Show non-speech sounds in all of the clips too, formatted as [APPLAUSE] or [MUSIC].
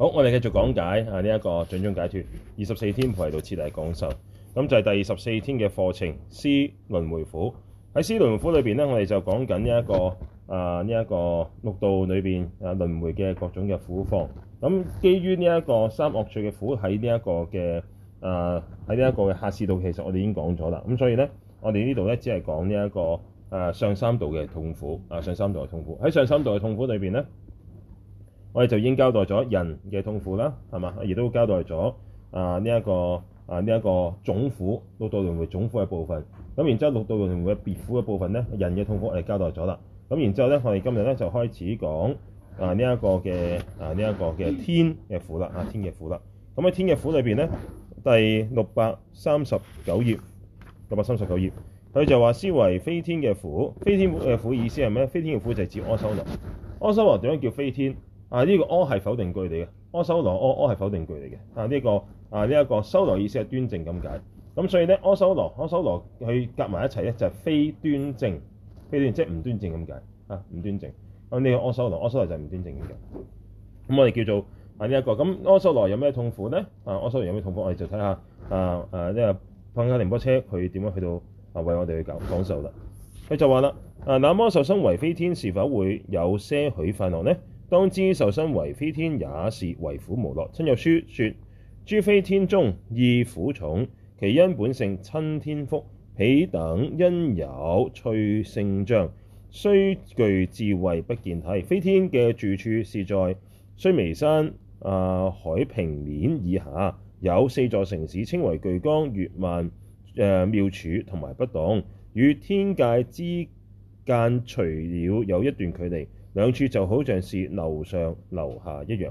好，我哋繼續講解啊！呢、這、一個掌中解脫，二十四天菩提道次第講授，咁就係第二十四天嘅課程《思輪迴苦》。喺《思輪迴苦》裏邊咧，我哋就講緊呢一個啊，呢、這、一個六道裏邊啊輪迴嘅各種嘅苦況。咁基於呢一個三惡趣嘅苦喺呢一個嘅啊喺呢一個嘅下士道，其實我哋已經講咗啦。咁所以咧，我哋呢度咧只係講呢一個啊上三道嘅痛苦啊，上三道嘅痛苦喺上三道嘅痛苦裏邊咧。我哋就已經交代咗人嘅痛苦啦，係嘛？亦都交代咗啊呢一個啊呢一個總苦六道輪迴總苦嘅部分。咁然之後六道輪迴嘅別苦嘅部分咧，人嘅痛苦我哋交代咗啦。咁然之後咧，我哋今日咧就開始講啊呢一個嘅啊呢一個嘅天嘅苦啦，啊天嘅苦啦。咁、啊、喺天嘅苦裏邊咧，第六百三十九頁，六百三十九頁，佢就話思惟非天嘅苦，非天嘅苦意思係咩？非天嘅苦就係接阿修羅，阿修羅點樣叫非天？啊！呢、這個阿係否定句嚟嘅，阿修羅阿阿係否定句嚟嘅。啊！呢、這個啊呢一、這個修羅意思係端正咁解，咁所以咧阿修羅阿修羅佢夾埋一齊咧就係非端正，非即係唔端正咁解，啊唔端正。啊，呢個阿修羅阿修羅就係唔端正咁解。咁我哋叫做啊呢一、這個。咁、啊、阿修羅有咩痛苦咧？啊，阿修羅有咩痛苦？我哋就睇下啊啊，呢個碰卡停波車佢點樣去到啊為我哋去講講授啦。佢就話啦：啊，那麼受生為非天，是否會有些許快樂呢？啊啊啊當知受身為非天也是為苦無樂。親友書說：諸非天中意苦重，其因本性瞋天福，彼等因有趣性障。雖具智慧不見諦。非天嘅住處是在須彌山啊、呃、海平面以下，有四座城市稱為具光、月曼、呃、妙處同埋不動，與天界之間除了有一段距離。兩處就好像是樓上樓下一樣。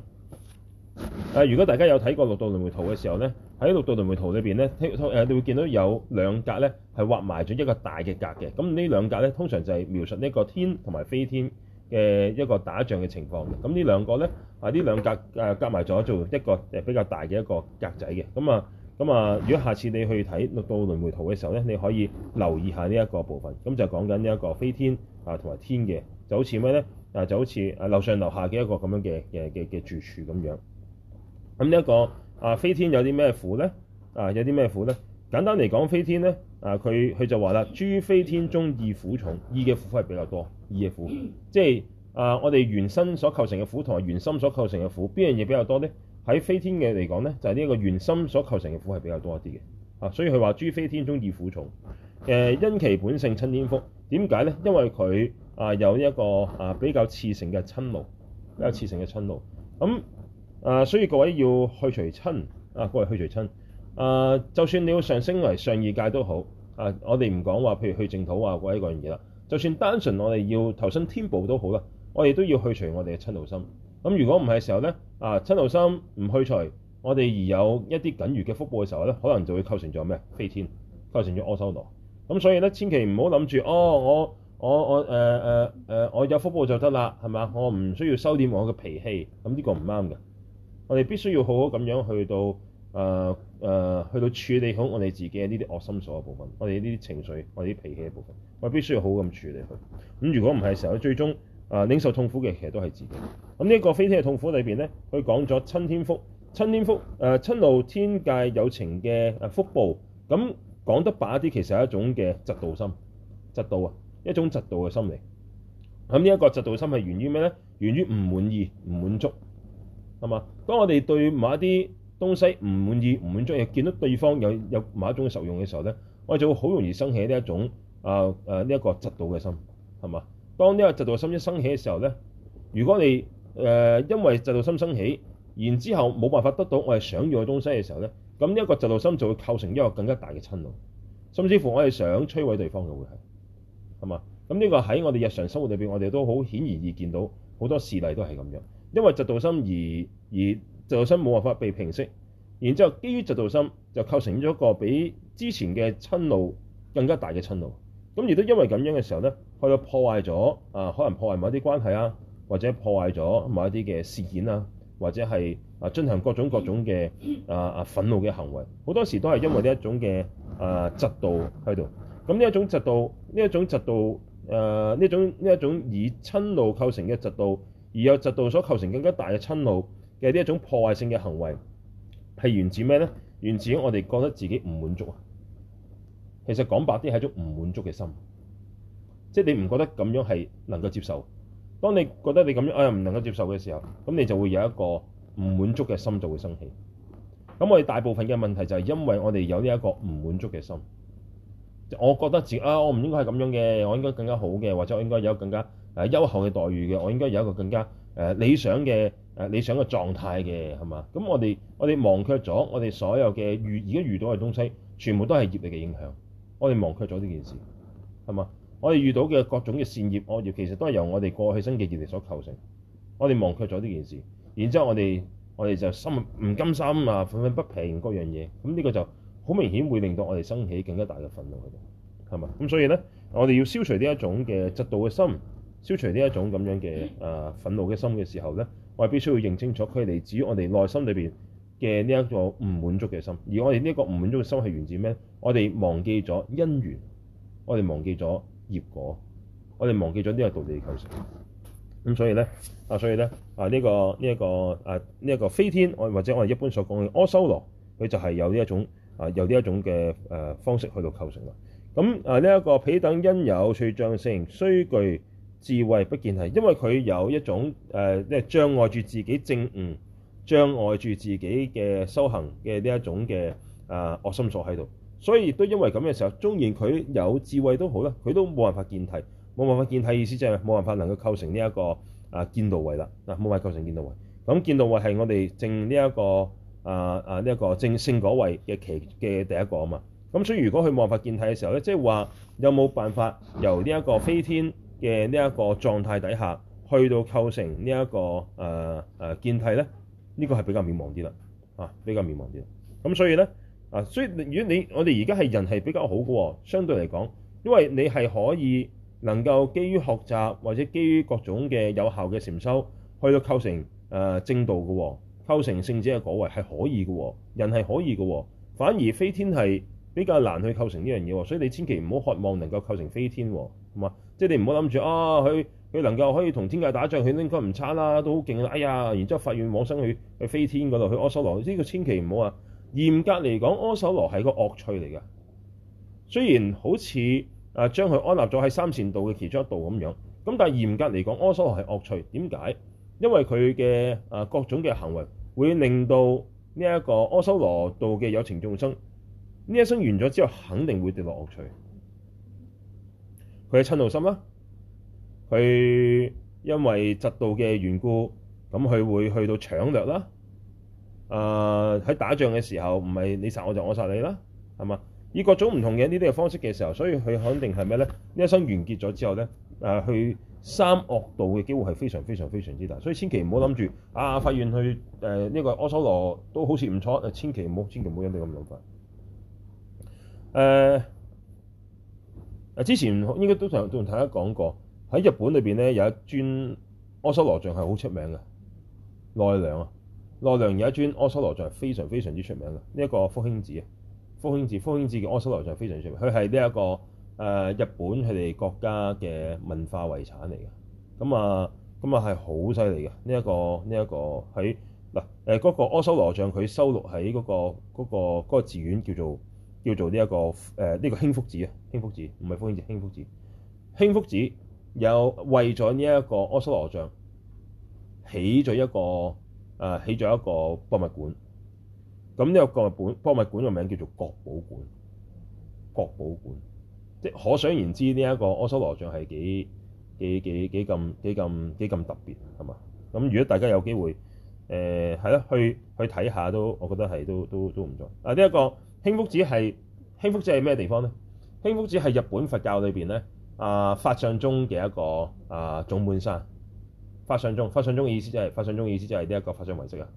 誒、啊，如果大家有睇過六道輪迴圖嘅時候呢，喺六道輪迴圖裏邊呢，誒，你會見到有兩格呢係畫埋咗一個大嘅格嘅。咁呢兩格呢，通常就係描述呢個天同埋非天嘅一個打仗嘅情況嘅。咁呢兩個呢，啊，呢兩格誒，夾埋咗做一個誒比較大嘅一個格仔嘅。咁啊，咁啊，如果下次你去睇六道輪迴圖嘅時候呢，你可以留意下呢一個部分。咁就講緊呢一個非天啊同埋天嘅，就好似咩呢？啊，就好似啊樓上樓下嘅一個咁樣嘅嘅嘅嘅住處咁樣。咁呢一個啊非天有啲咩苦咧？啊有啲咩苦咧？簡單嚟講，非天咧，啊佢佢就話啦，諸非天中意苦重，意嘅苦係比較多，意嘅苦，即係啊我哋原身所構成嘅苦同埋原心所構成嘅苦，邊樣嘢比較多咧？喺非天嘅嚟講咧，就係呢一個原心所構成嘅苦係比較多一啲嘅。啊，所以佢話諸非天中意苦重，誒啊因其本性瞋天福，點解咧？因為佢。啊，有一個啊比較熾盛嘅瞋怒，比較熾盛嘅瞋怒。咁、嗯、啊，所以各位要去除瞋啊，各位去除瞋啊，就算你要上升為上二界都好啊，我哋唔講話，譬如去淨土啊各位嗰樣嘢啦。就算單純我哋要投身天部都好啦，我哋都要去除我哋嘅瞋怒心。咁、嗯、如果唔係嘅時候咧，啊瞋怒心唔去除，我哋而有一啲僅餘嘅福報嘅時候咧，可能就會構成咗咩？非天構成咗阿修羅。咁、嗯、所以咧，千祈唔好諗住哦，我。我我誒誒誒，我有福報就得啦，係咪啊？我唔需要收斂我嘅脾氣，咁、這、呢個唔啱嘅。我哋必須要好好咁樣去到誒誒、呃呃，去到處理好我哋自己嘅呢啲惡心所嘅部分，我哋呢啲情緒，我哋啲脾氣嘅部分，我哋必須要好好咁處理佢。咁如果唔係成日最終啊、呃，領受痛苦嘅其實都係自己。咁呢一個非天嘅痛苦裏邊咧，佢講咗瞋天福、瞋天福誒瞋怒天界有情嘅福報，咁講得白啲，其實係一種嘅嫉妒心、嫉妒啊。一種嫉妒嘅心理，咁、這個、呢一個嫉妒心係源於咩咧？源於唔滿意、唔滿足，係嘛？當我哋對某一啲東西唔滿意、唔滿足，又見到對方有有某一種受用嘅時候咧，我哋就會好容易生起呢一種啊啊呢一個嫉妒嘅心，係嘛？當呢一個嫉妒心一升起嘅時候咧，如果你誒、呃、因為嫉妒心升起，然之後冇辦法得到我哋想要嘅東西嘅時候咧，咁呢一個嫉妒心就會構成一個更加大嘅瞋怒，甚至乎我哋想摧毀對方嘅會係。係嘛？咁呢、嗯這個喺我哋日常生活裏邊，我哋都好顯然易見到好多事例都係咁樣。因為嫉妒心而而嫉妒心冇辦法被平息，然之後基於嫉妒心就構成咗一個比之前嘅瞋怒更加大嘅瞋怒。咁、嗯、亦都因為咁樣嘅時候呢，去到破壞咗啊，可能破壞某一啲關係啊，或者破壞咗某一啲嘅事件啊，或者係啊進行各種各種嘅啊啊憤怒嘅行為。好多時都係因為呢一種嘅啊嫉妒喺度。呃咁呢一種嫉妒，呢一種嫉妒，誒、呃、呢種呢一種以瞋怒構成嘅嫉妒，而有嫉妒所構成更加大嘅瞋怒嘅呢一種破壞性嘅行為，係源自咩呢？源自於我哋覺得自己唔滿足啊！其實講白啲係一種唔滿足嘅心，即係你唔覺得咁樣係能夠接受。當你覺得你咁樣我又唔能夠接受嘅時候，咁你就會有一個唔滿足嘅心，就會生氣。咁我哋大部分嘅問題就係因為我哋有呢一個唔滿足嘅心。我覺得自啊，我唔應該係咁樣嘅，我應該更加好嘅，或者我應該有更加誒、呃、優厚嘅待遇嘅，我應該有一個更加誒、呃、理想嘅誒、呃、理想嘅狀態嘅，係嘛？咁我哋我哋忘卻咗我哋所有嘅遇而家遇到嘅東西，全部都係業力嘅影響。我哋忘卻咗呢件事，係嘛？我哋遇到嘅各種嘅善業惡業，其實都係由我哋過去生嘅業力所構成。我哋忘卻咗呢件事，然之後我哋我哋就心唔甘心啊，憤憤不平嗰樣嘢。咁呢個就～好明顯會令到我哋生起更加大嘅憤怒嘅，係嘛咁？所以咧，我哋要消除呢一種嘅嫉妒嘅心，消除呢一種咁樣嘅誒憤怒嘅心嘅時候咧，我哋必須要認清楚佢嚟自於我哋內心裏邊嘅呢一個唔滿足嘅心。而我哋呢一個唔滿足嘅心係源自咩？我哋忘記咗因緣，我哋忘記咗業果，我哋忘記咗呢個道理構成咁。所以咧啊，所以咧啊，呢、這個呢一、這個誒呢一個非天，我或者我哋一般所講嘅阿修羅，佢就係有呢一種。啊，由呢一種嘅誒方式去到構成啦。咁、嗯、啊，呢、這、一個彼等因有趣性障，雖具智慧不見諦，因為佢有一種誒，即、呃、係障礙住自己正悟，障礙住自己嘅修行嘅呢一種嘅啊、呃、惡心所喺度。所以亦都因為咁嘅時候，縱然佢有智慧都好啦，佢都冇辦法見諦，冇辦法見諦意思就係冇辦法能夠構成呢、這、一個啊見道位啦。嗱、啊，冇辦法構成見道位。咁見道位係我哋正呢、這、一個。啊啊！呢、啊、一、這個正聖果位嘅期嘅第一個啊嘛，咁、啊嗯、所以如果佢冇法見諦嘅時候咧，即係話有冇辦法由呢一個非天嘅呢一個狀態底下，去到構成、這個啊啊、呢一、這個誒誒見諦咧？呢個係比較渺茫啲啦，啊，比較渺茫啲。咁、啊、所以咧啊，所以如果你我哋而家係人係比較好嘅喎，相對嚟講，因為你係可以能夠基於學習或者基於各種嘅有效嘅禪修，去到構成誒、啊、正道嘅喎。啊構成聖者嘅果位係可以嘅、哦，人係可以嘅、哦。反而非天係比較難去構成呢樣嘢，所以你千祈唔好渴望能夠構成非天同、哦、埋，即係你唔好諗住啊，佢、哦、佢能夠可以同天界打仗，佢應該唔差啦，都好勁啦。哎呀，然之後發願往生去去非天嗰度去阿修羅呢個千祈唔好啊！嚴格嚟講，阿修羅係個惡趣嚟嘅。雖然好似啊將佢安立咗喺三善道嘅其中一道咁樣，咁但係嚴格嚟講，阿修羅係惡趣。點解？因為佢嘅啊各種嘅行為。會令到呢一個阿修羅道嘅有情眾生呢一生完咗之後，肯定會跌落惡趣。佢喺嗔怒心啦，佢因為嫉妒嘅緣故，咁佢會去到搶掠啦。啊、呃、喺打仗嘅時候，唔係你殺我就我殺你啦，係嘛？以各種唔同嘅呢啲嘅方式嘅時候，所以佢肯定係咩咧？呢一生完結咗之後咧，誒、呃、去。三惡道嘅機會係非常非常非常之大，所以千祈唔好諗住啊！發現去誒呢、呃這個阿修羅都好似唔錯，誒、啊、千祈唔好，千祈唔好有呢咁諗法。誒、呃、誒，之前應該都同同大家講過，喺日本裏邊咧有一尊阿修羅像係好出名嘅奈良啊，奈良有一尊阿修羅像非常非常之出名嘅呢一個福興寺啊，福興寺，福興寺嘅阿修羅像非常出名，佢係呢一個。誒，日本佢哋國家嘅文化遺產嚟嘅。咁啊，咁啊係好犀利嘅，呢一個呢一個喺嗱誒嗰個阿修羅像佢收錄喺嗰個嗰個嗰個寺院叫做叫做呢一個誒呢個興福寺啊，興福寺，唔係豐應寺，興福寺，興福寺有為咗呢一個阿修羅像起咗一個誒起咗一個博物館。咁呢個博物館博物館嘅名叫做國寶館，國寶館。即係可想而知呢一個阿修羅像係幾幾幾幾咁幾咁幾咁特別係嘛？咁如果大家有機會誒係咯，去去睇下都，我覺得係都都都唔錯。啊，呢一個興福寺係興福寺係咩地方咧？興福寺係日本佛教裏邊咧啊法相宗嘅一個啊總本山。法相宗，法相宗嘅意思就係法相宗嘅意思就係呢一個法相遺跡啊。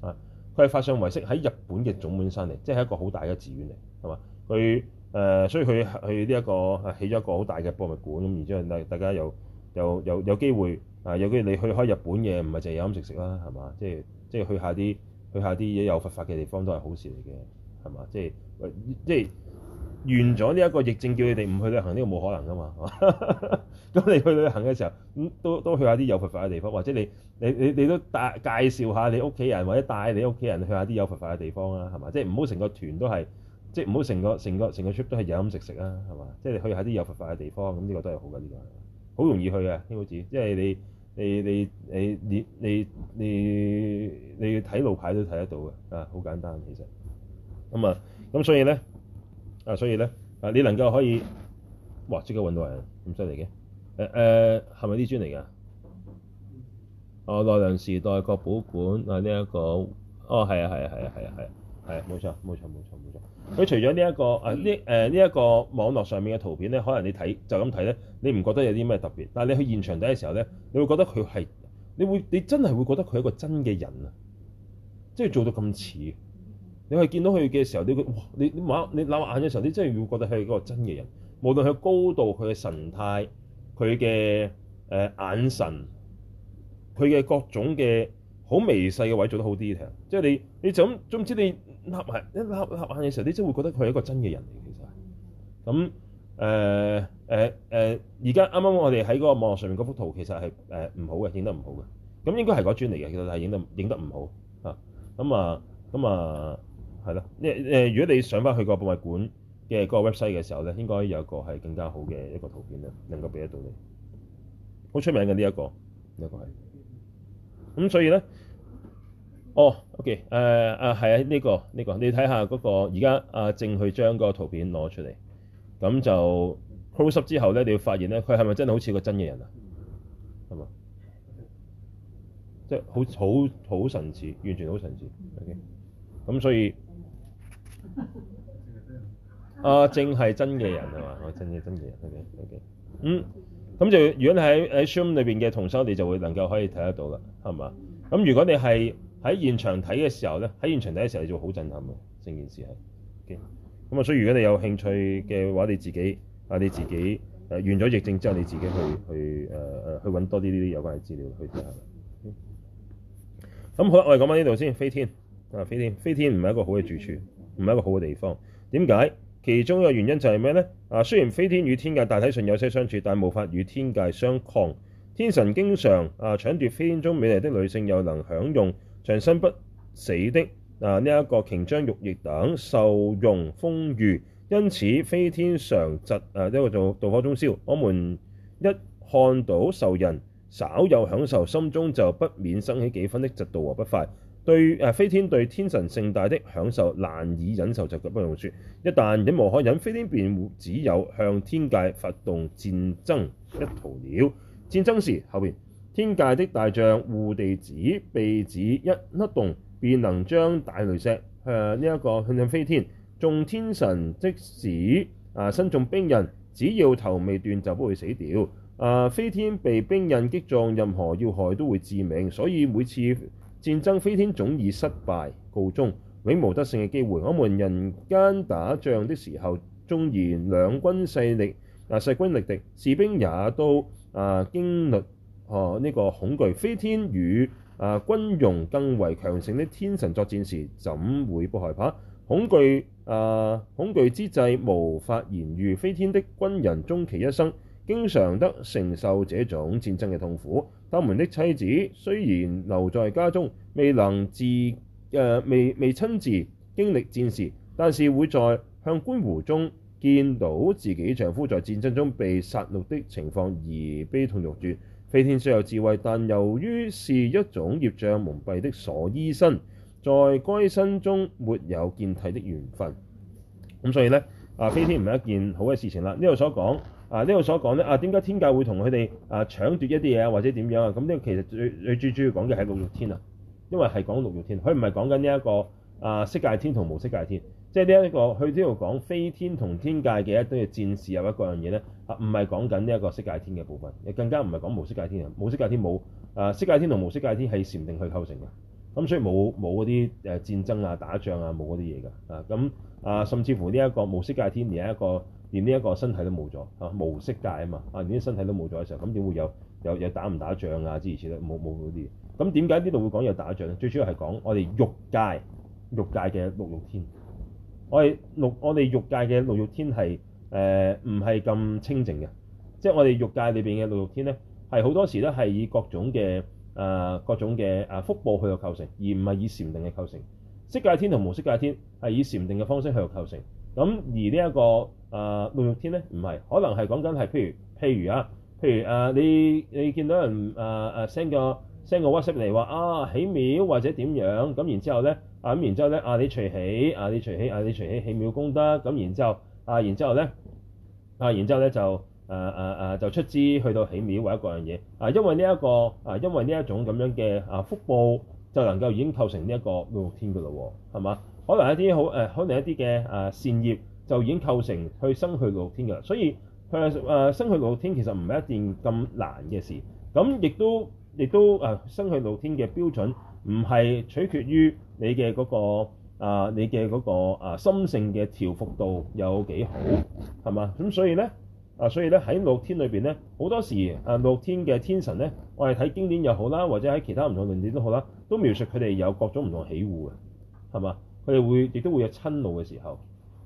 啊，佢係法相遺跡喺日本嘅總本山嚟，即係一個好大嘅寺院嚟，係嘛？佢誒、呃，所以佢佢呢一個起咗一個好大嘅博物館，咁然之後大大家又又又有機會，啊有啲你、啊、去開日本嘢，唔係淨係飲食食啦，係嘛？即係即係去下啲去下啲有佛法嘅地方都係好事嚟嘅，係嘛？即係即係完咗呢一個疫症，叫你哋唔去旅行呢個冇可能噶嘛？咁 [LAUGHS] 你去旅行嘅時候，都都去下啲有佛法嘅地方，或者你你你你都帶介紹下你屋企人，或者帶你屋企人去下啲有佛法嘅地方啦，係嘛？即係唔好成個團都係。即唔好成個成個成個 trip 都係飲飲食食啊，係嘛？即係去下啲有佛法嘅地方，咁呢個都係好噶，呢、這個好容易去嘅。呢個字，即係你你你你你你你睇路牌都睇得到嘅，啊，好簡單其實。咁啊，咁所以咧啊，所以咧啊，你能夠可以，哇！即刻揾到人，咁犀利嘅。誒誒，係咪啲磚嚟㗎？啊，奈、呃、良、哦、時代國寶館啊，呢、這、一個，哦，係啊，係啊，係啊，係啊。係冇錯冇錯冇錯冇錯。佢除咗呢一個誒呢誒呢一個網絡上面嘅圖片咧，可能你睇就咁睇咧，你唔覺得有啲咩特別？但係你去現場睇嘅時候咧，你會覺得佢係你會你真係會覺得佢係一個真嘅人啊！即、就、係、是、做到咁似，你去見到佢嘅時候，你佢哇！你你望你攬眼嘅時候，你真係會覺得係一個真嘅人。無論佢高度、佢嘅神態、佢嘅誒眼神、佢嘅各種嘅。好微細嘅位做得好啲嘅，即係你，你就咁，總之你合埋一合合眼嘅時候，你真會覺得佢係一個真嘅人嚟，其實。咁誒誒誒，而家啱啱我哋喺嗰個網絡上面嗰幅圖其實係誒唔好嘅，影得唔好嘅。咁應該係個磚嚟嘅，其實係影得影得唔好嚇。咁啊咁啊，係咯。誒誒，如果你上翻去個博物館嘅嗰個 website 嘅時候咧，應該有一個係更加好嘅一個圖片啊，能夠俾得到你。好出名嘅呢一個，呢一個係。咁所以咧，哦，OK，誒、呃、啊，係啊，呢、呢個呢、呢個，你睇下嗰個，而家阿正去將嗰個圖片攞出嚟，咁就 close up 之後咧，你要發現咧，佢係咪真係好似個真嘅人啊？係嘛、嗯，吧即係好好好神似，完全好神似。OK，咁所以阿 [LAUGHS] 、啊、正係真嘅人係嘛？哦、真嘅真嘅。人。OK，OK，okay, okay. 嗯。咁就、嗯、如果你喺喺 o 本裏邊嘅同修，你就會能夠可以睇得到啦，係嘛？咁如果你係喺現場睇嘅時候咧，喺現場睇嘅時候你就好震撼咯，正件事係。咁、okay? 啊、嗯，所以如果你有興趣嘅話，你自己啊，你自己誒、呃、完咗疫症之後，你自己去、呃、去誒誒去多啲呢啲有關嘅資料去睇下。咁、嗯嗯嗯、好啦，我哋講翻呢度先。非天啊，非天，非天唔係一個好嘅住處，唔係一個好嘅地方。點解？其中一個原因就係咩呢？啊，雖然非天與天界大體上有些相似，但無法與天界相抗。天神經常啊搶奪非天中美麗的女性，又能享用長生不死的啊呢一、這個瓊漿玉液等受用豐裕，因此非天常疾啊一、這個做「妒火中燒。我們一看到仇人稍有享受，心中就不免生起幾分的嫉妒和不快。對，誒，非天對天神盛大的享受難以忍受，就更不用說。一旦忍無可忍，非天便只有向天界發動戰爭一途了。戰爭時後邊，天界的大將護地子鼻子一甩動，便能將大擂石向呢一個向非天，眾天神，即使啊、呃、身中兵刃，只要頭未斷就不會死掉。啊、呃，非天被兵刃擊中，任何要害都會致命，所以每次。戰爭非天總以失敗告終，永無得勝嘅機會。我們人間打仗的時候，縱然兩軍勢力啊勢均力敵，士兵也都啊經歷啊呢、這個恐懼。非天與啊軍容更為強盛的天神作戰時，怎會不害怕？恐懼啊恐懼之際無法言喻。非天的軍人終其一生，經常得承受這種戰爭嘅痛苦。他們的妻子雖然留在家中，未能自誒、呃、未未親自經歷戰事，但是會在同觀湖中見到自己丈夫在戰爭中被殺戮的情況而悲痛欲絕。非天雖有智慧，但由於是一種業障蒙蔽的所依身，在該身中沒有見諦的緣分，咁所以呢，啊，非天唔係一件好嘅事情啦。呢度所講。啊！呢度所講咧，啊，點解天界會同佢哋啊搶奪一啲嘢啊，或者點樣啊？咁呢個其實最最最主要講嘅係六欲天啊，因為係講六欲天，佢唔係講緊呢一個啊色界天同無色界天，即係呢一個佢呢度講非天同天界嘅一啲嘅戰事有一個樣嘢咧，啊唔係講緊呢一個色界天嘅部分，又更加唔係講無色界天啊，無色界天冇啊，色界天同無色界天係禪定去構成嘅，咁所以冇冇嗰啲誒戰爭啊、打仗啊、冇嗰啲嘢㗎，啊咁啊，啊甚至乎呢、這、一個無色界天而連一個。連呢一個身體都冇咗嚇，無色界啊嘛啊，連啲身體都冇咗嘅時候，咁點會有有有打唔打仗啊之如此類？冇冇嗰啲嘢。咁點解呢度會講有打仗咧？最主要係講我哋欲界，欲界嘅六欲天。我哋六我哋欲界嘅六欲天係誒唔係咁清淨嘅，即係我哋欲界裏邊嘅六欲天咧，係好多時都係以各種嘅誒、呃、各種嘅誒福報去到構成，而唔係以禪定嘅構成。色界天同無色界天係以禪定嘅方式去到構成。咁而呢一個。誒六六天咧唔係，可能係講緊係譬如譬如啊，譬如誒、呃、你你見到人誒誒 send 個 send 個 WhatsApp 嚟話啊起廟或者點樣咁，然之後咧啊咁，然之後咧啊你隨起啊你隨起啊你隨起起廟功德咁，然之後啊，然之後咧啊，然之後咧就誒誒誒就出資去到起廟或者嗰樣嘢啊，因為呢一個啊，因為呢一種咁樣嘅啊福報，就能夠已經構成呢一個六六天噶啦喎，係嘛？可能一啲好誒，可能一啲嘅誒善業。就已經構成去生去露天嘅啦，所以佢啊生去露天其實唔係一件咁難嘅事。咁亦都亦都啊生去露天嘅標準唔係取決於你嘅嗰個啊你嘅嗰個啊心性嘅調伏度有幾好，係嘛？咁所以咧啊，所以咧喺露天裏邊咧好多時啊，露天嘅天神咧，我哋睇經典又好啦，或者喺其他唔同論點都好啦，都描述佢哋有各種唔同起護嘅，係嘛？佢哋會亦都會有親怒嘅時候。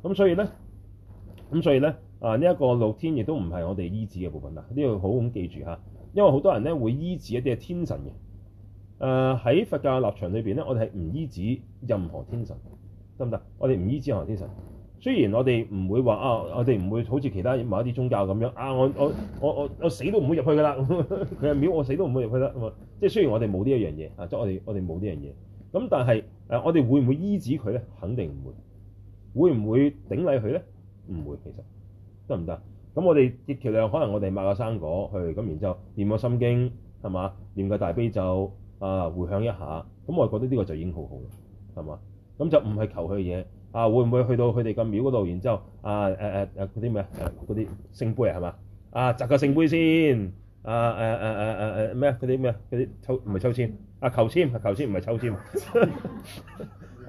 咁所以咧，咁所以咧，啊呢一、這個六天亦都唔係我哋依止嘅部分啦，呢、啊這個好咁記住嚇、啊。因為好多人咧會依止一啲嘅天神嘅，誒、啊、喺佛教立場裏邊咧，我哋係唔依止任何天神得唔得？我哋唔依止任何天神。雖然我哋唔會話啊，我哋唔會好似其他某一啲宗教咁樣啊，我我我我我死都唔會入去噶啦，佢 [LAUGHS] 嘅廟我死都唔會入去得。咁、啊、即係雖然我哋冇呢一樣嘢啊，即係我哋我哋冇呢樣嘢。咁但係誒，我哋、啊啊、會唔會依止佢咧？肯定唔會。會唔會頂禮佢咧？唔會，其實得唔得？咁我哋極其量可能我哋買個生果去，咁然之後念個心經係嘛，念個大悲咒啊，回向一下，咁我覺得呢個就已經好好啦，係嘛？咁就唔係求佢嘅嘢啊？會唔會去到佢哋嘅廟嗰度，然之後啊誒誒誒嗰啲咩嗰啲聖杯係嘛？啊，摘、啊啊啊啊、個聖杯先啊誒誒誒誒誒咩？嗰啲咩嗰啲抽唔係抽籤啊？求籤啊求籤唔係抽籤。 [LAUGHS]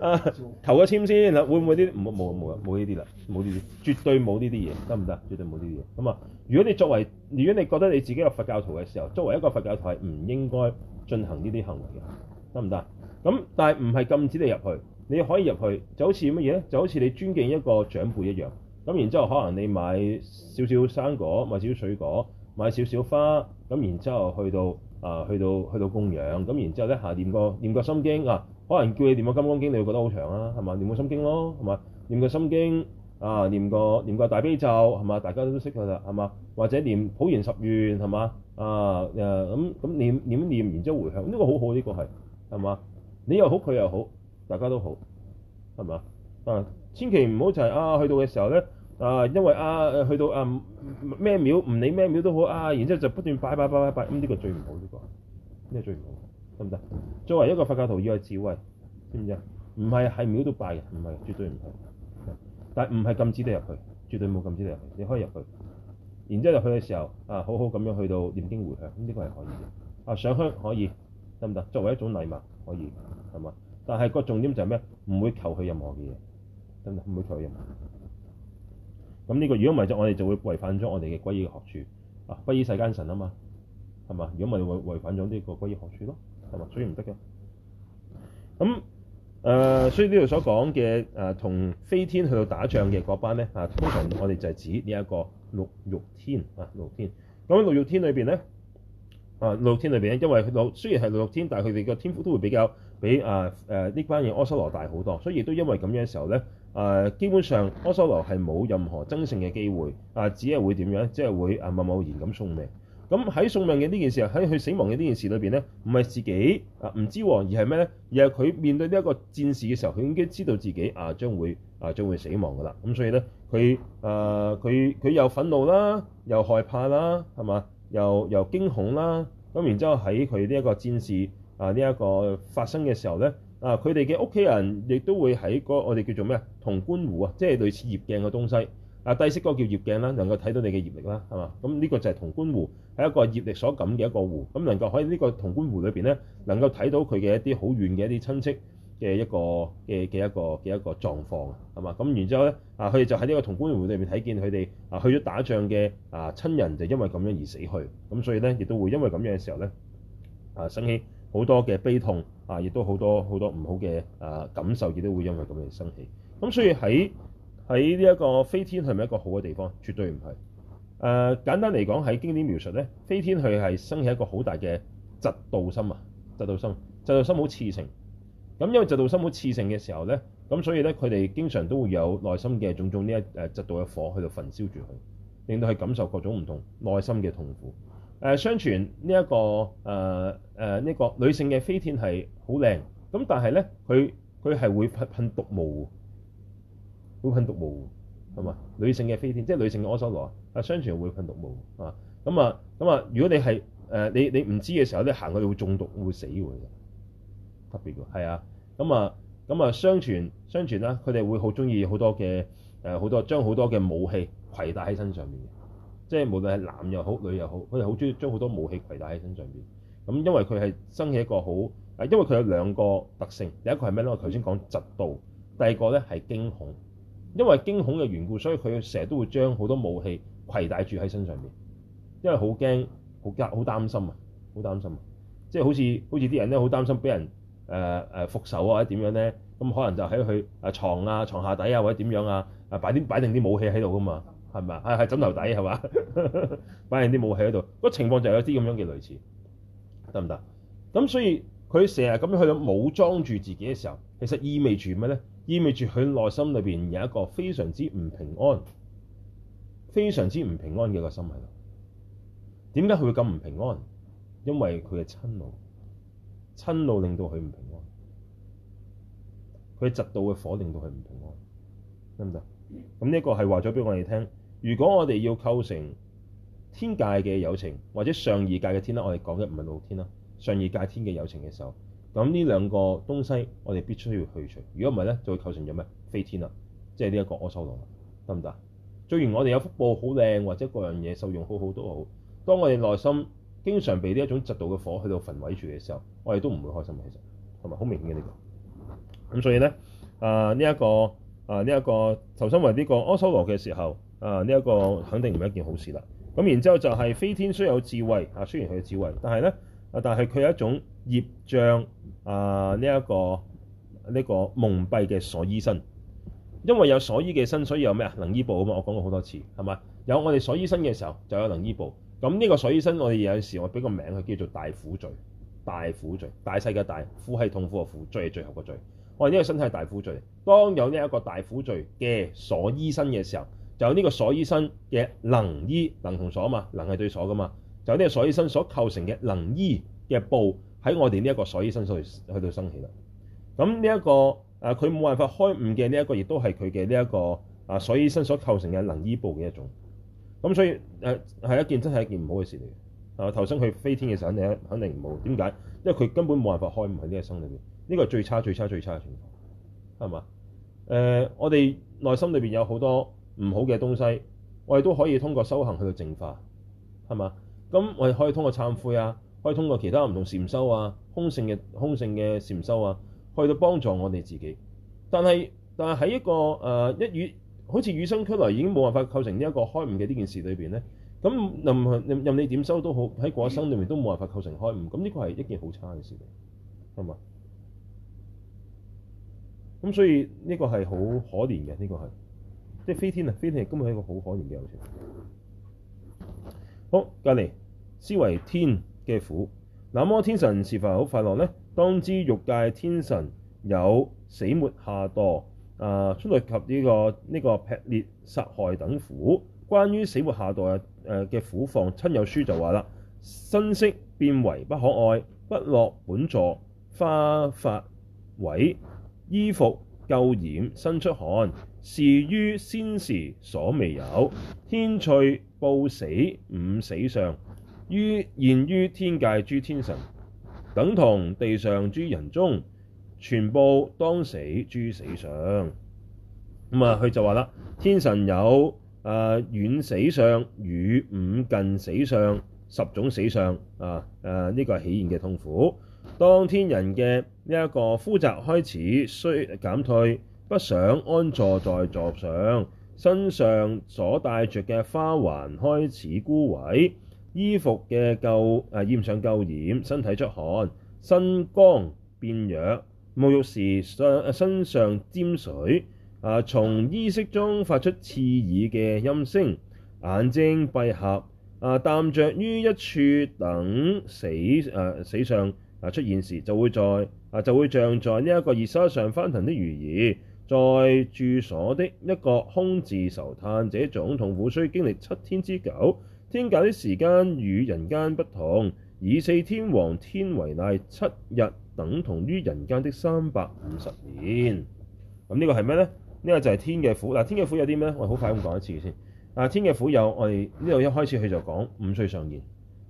啊！求個籤先啦，會唔會啲？唔冇冇冇冇呢啲啦，冇呢啲，絕對冇呢啲嘢，得唔得？絕對冇呢啲嘢。咁、嗯、啊，如果你作為，如果你覺得你自己係佛教徒嘅時候，作為一個佛教徒係唔應該進行呢啲行為嘅，得唔得？咁、嗯、但係唔係禁止你入去，你可以入去，就好似乜嘢咧？就好似你尊敬一個長輩一樣。咁然之後，可能你買少少生果，買少少水果，買少少花，咁然之後去到啊、呃，去到去到，去到供養，咁然之後咧，唸個念個心經啊。可能叫你念個《金剛經》，你會覺得好長啦，係嘛？念個《心經》咯，係嘛？念個《心經》，啊，唸個唸個大悲咒，係嘛？大家都都識㗎啦，係嘛？或者念普賢十願，係嘛？啊，誒咁咁唸唸一唸，然之後迴向，呢個好好，呢個係係嘛？你又好，佢又好，大家都好，係嘛？啊，千祈唔好就係、是、啊，去到嘅時候咧啊，因為啊去到啊咩廟，唔理咩廟都好啊，然之後就不斷拜拜拜拜拜，咁呢個最唔好，呢個咩最唔好？這個得唔得？作為一個佛教徒要有智慧，知唔知啊？唔係喺廟度拜嘅，唔係絕對唔係。但係唔係禁止你入去，絕對冇禁止你入去。你可以入去，然之後入去嘅時候啊，好好咁樣去到念經回向，呢、這個係可以嘅。啊，上香可以得唔得？作為一種禮物可以係嘛？但係個重點就係咩？唔會求佢任何嘅嘢，得唔得？唔會求佢任何。咁呢、這個如果唔係就我哋就會違反咗我哋嘅皈依學處啊！不依世間神啊嘛係嘛？如果唔係我哋違違反咗呢個皈依學處咯。係嘛、嗯呃。所以唔得嘅。咁、呃、誒，所以呢度所講嘅誒，同非天去到打仗嘅嗰班咧，啊，通常我哋就係指呢一個六欲天啊，六天。咁喺六欲天裏邊咧，啊，六天裏邊咧，因為佢有雖然係六欲天，但係佢哋個天賦都會比較比啊誒呢、啊、班嘅阿修羅大好多，所以亦都因為咁樣嘅時候咧，誒、啊，基本上阿修羅係冇任何爭勝嘅機會，啊，只係會點樣？即係會啊，默默然咁送命。咁喺送命嘅呢件事，喺佢死亡嘅呢件事裏邊咧，唔係自己啊唔知喎、啊，而係咩咧？而係佢面對呢一個戰事嘅時候，佢應該知道自己啊將會啊將會死亡噶啦。咁所以咧，佢啊佢佢又憤怒啦，又害怕啦，係嘛？又又驚恐啦。咁然之後喺佢呢一個戰事啊呢一、這個發生嘅時候咧，啊佢哋嘅屋企人亦都會喺嗰、那個、我哋叫做咩啊同觀湖啊，即係類似業鏡嘅東西。啊，低息嗰個叫業鏡啦，能夠睇到你嘅業力啦，係嘛？咁呢個就係同觀湖，係一個業力所感嘅一個湖。咁能夠喺呢個同觀湖裏邊咧，能夠睇到佢嘅一啲好遠嘅一啲親戚嘅一個嘅嘅一個嘅一,一個狀況啊，係嘛？咁然之後咧，啊，佢哋就喺呢個同觀湖裏邊睇見佢哋啊去咗打仗嘅啊親人就因為咁樣而死去。咁所以咧，亦都會因為咁樣嘅時候咧，啊生起好多嘅悲痛啊，亦都好多好多唔好嘅啊感受，亦都會因為咁樣生起。咁所以喺喺呢一個非天係咪一個好嘅地方？絕對唔係。誒、呃、簡單嚟講，喺經典描述咧，非天佢係生起一個好大嘅嫉妒心啊！嫉妒心，嫉妒心好熾盛，咁因為嫉妒心好熾盛嘅時候咧，咁所以咧，佢哋經常都會有內心嘅種種呢一誒嫉妒嘅火喺度焚燒住佢，令到佢感受各種唔同內心嘅痛苦。誒、呃、相傳呢、這、一個誒誒呢個女性嘅非天係好靚，咁但係咧佢佢係會噴噴毒霧。會噴毒霧㗎嘛？女性嘅飛天即係女性嘅阿修羅啊！相傳會噴毒霧啊！咁啊咁啊，如果你係誒、呃、你你唔知嘅時候咧，行過去會中毒會死㗎，特別㗎係啊！咁啊咁啊，相傳相傳啦，佢哋會好中意好多嘅誒好多將好多嘅武器攜帶喺身上面嘅，即係無論係男又好女又好，佢哋好中意將好多武器攜帶喺身上邊。咁因為佢係生起一個好啊，因為佢有兩個特性，第一個係咩咧？我頭先講嫉妒，第二個咧係驚恐。因為驚恐嘅緣故，所以佢成日都會將好多武器攜帶住喺身上面，因為好驚、好驚、好擔心啊，好擔心啊，即係好似好似啲人咧好擔心俾人誒誒復仇啊或者點樣咧，咁可能就喺佢誒牀啊、床下底啊或者點樣啊，啊擺啲擺定啲武器喺度噶嘛，係咪啊？係枕頭底係嘛， [LAUGHS] 擺定啲武器喺度，個情況就有啲咁樣嘅類似，得唔得？咁所以佢成日咁樣去到武裝住自己嘅時候，其實意味住咩咧？意味住佢內心裏邊有一個非常之唔平安、非常之唔平安嘅個心喺度。點解佢會咁唔平安？因為佢嘅瞋怒，瞋怒令到佢唔平安。佢嫉妒嘅火令到佢唔平安，得唔得？咁呢一個係話咗俾我哋聽。如果我哋要構成天界嘅友情，或者上二界嘅天啦，我哋講嘅唔係六天啦，上二界天嘅友情嘅時候。咁呢兩個東西，我哋必須要去除。如果唔係咧，就會構成咗咩？非天啦，啊，即係呢一個阿修羅，得唔得？雖然我哋有福報好靚，或者各樣嘢受用好好都好。當我哋內心經常被呢一種嫉妒嘅火喺度焚毀住嘅時候，我哋都唔會開心，其實同埋好明顯嘅，啊、呢、這個。咁、嗯、所以咧，啊呢一個啊呢一個投身為呢個阿修羅嘅時候，啊呢一個肯定唔係一件好事啦。咁然之後就係非天雖有智慧，啊雖然佢智慧，但係咧啊但係佢係一種。業障啊！呢、呃、一、這個呢、這個蒙蔽嘅所依身，因為有所依嘅身，所以有咩啊？能依報。啊嘛！我講過好多次，係咪？有我哋所依身嘅時候，就有能依報。咁、這、呢個所依身，我哋有陣時我俾個名佢叫做大苦罪、大苦罪，罪、大細嘅大，苦係痛苦嘅苦，罪係最後個罪。我哋呢個身體係大苦罪。當有呢一個大苦罪嘅所依身嘅時候，就有呢個所依身嘅能依，能同所啊嘛，能係對所噶嘛，就有呢個所依身所構成嘅能依嘅報。喺我哋呢一個所依身去去到生起啦，咁呢一個誒佢冇辦法開悟嘅呢一個，亦都係佢嘅呢一個誒所依身所構成嘅能依部嘅一種，咁所以誒係、啊、一件真係一件唔好嘅事嚟嘅，係、啊、嘛？頭先佢飛天嘅時候，你肯肯定唔好，點解？因為佢根本冇辦法開悟喺呢一生裏邊，呢、這個係最差最差最差嘅情況，係嘛？誒、呃，我哋內心裏邊有多好多唔好嘅東西，我哋都可以通過修行去到淨化，係嘛？咁我哋可以通過懺悔啊。可以通過其他唔同禪修啊，空性嘅空性嘅禪修啊，去到幫助我哋自己。但係但係喺一個誒、呃、一雨好似與生俱來已經冇辦法構成呢一個開悟嘅呢件事裏邊咧，咁任任你點修都好，喺果一生裏面都冇辦法構成開悟。咁呢個係一件好差嘅事嚟，係嘛？咁所以呢個係好可憐嘅，呢、這個係即係非天啊！非天根本係一個好可憐嘅有情。好，隔離思惟天嘅苦，那麼天神是否好快樂呢？當知欲界天神有死歿下墮啊、呃，出類及呢、這個呢、這個劈裂殺害等苦。關於死歿下墮嘅誒嘅苦況，親友書就話啦：身色變為不可愛，不樂本座花發萎，衣服垢染身出汗，是於先時所未有。天趣報死五死相。於現於天界諸天神，等同地上諸人中，全部當死諸死相咁啊！佢、嗯、就話啦：天神有誒遠、呃、死相與五近死相十種死相啊！誒、呃、呢、這個係起現嘅痛苦。當天人嘅呢一個膚澤開始衰減退，不想安坐在座上，身上所帶着嘅花環開始枯萎。衣服嘅垢誒染上垢染，身體出汗，身光變弱，沐浴時上身上沾水，啊、呃、從衣飾中發出刺耳嘅音聲，眼睛閉合，啊、呃、耽著於一處等死誒、呃、死相啊出現時就會在啊、呃、就會像在呢一個熱沙上翻騰的魚兒，在住所的一個空置愁嘆，這種痛苦需經歷七天之久。天界啲時間與人間不同，以四天王天為例，七日等同於人間的三百五十年。咁呢個係咩呢？呢個就係天嘅苦。嗱，天嘅苦有啲咩？我好快咁講一次先。啊，天嘅苦有我哋呢度一開始佢就講五衰上現，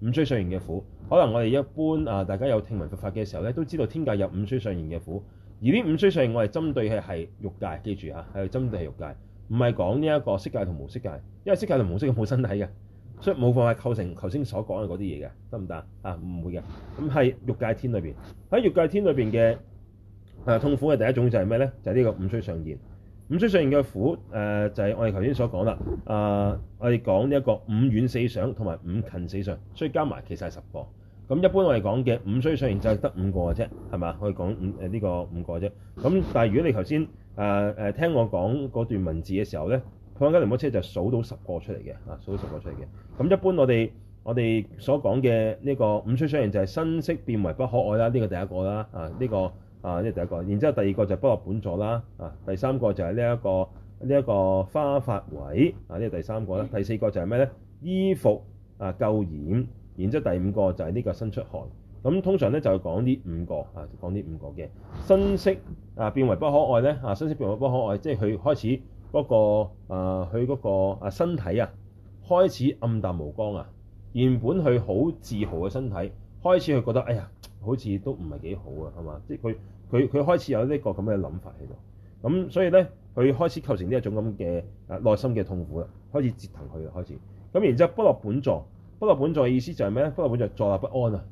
五衰上現嘅苦，可能我哋一般啊大家有聽聞佛法嘅時候咧，都知道天界有五衰上現嘅苦。而呢五衰上現，我哋針對係係欲界，記住啊，係針對係欲界，唔係講呢一個色界同無色界，因為色界同無色界冇身體嘅。所以冇法係構成頭先所講嘅嗰啲嘢嘅，得唔得啊？唔會嘅。咁係欲界天裏邊，喺欲界天裏邊嘅誒痛苦嘅第一種就係咩咧？就係、是、呢個五衰相現。五衰相現嘅苦誒、呃、就係、是、我哋頭先所講啦。啊、呃，我哋講呢一個五遠死相同埋五近死相，所以加埋其實係十個。咁一般我哋講嘅五衰相現就係得五個嘅啫，係咪？我哋講五誒呢、呃這個五個啫。咁但係如果你頭先誒誒聽我講嗰段文字嘅時候咧。放伽尼摩車就數到十個出嚟嘅，啊數到十個出嚟嘅。咁一般我哋我哋所講嘅呢個五出相現就係身色變為不可愛啦，呢、這個第一個啦，啊呢、這個啊呢、這個第一個。然之後第二個就係不樂本座啦，啊第三個就係呢一個呢一、這個華髮萎，啊呢個第三個啦。第四個就係咩咧？衣服啊垢染，然之後第五個就係呢個身出汗。咁、啊、通常咧就講呢五個啊講呢五個嘅身色啊變為不可愛咧，啊身色變為不可愛，即係佢開始。嗰個呃，佢嗰個啊身體啊，開始暗淡無光啊。原本佢好自豪嘅身體，開始佢覺得哎呀，好似都唔係幾好啊，係嘛？即係佢佢佢開始有呢個咁嘅諗法喺度。咁所以咧，佢開始構成呢一種咁嘅啊內心嘅痛苦啦，開始折騰佢啊，開始。咁然之後不樂本座，不樂本座嘅意思就係咩咧？不樂本座坐立不安啊，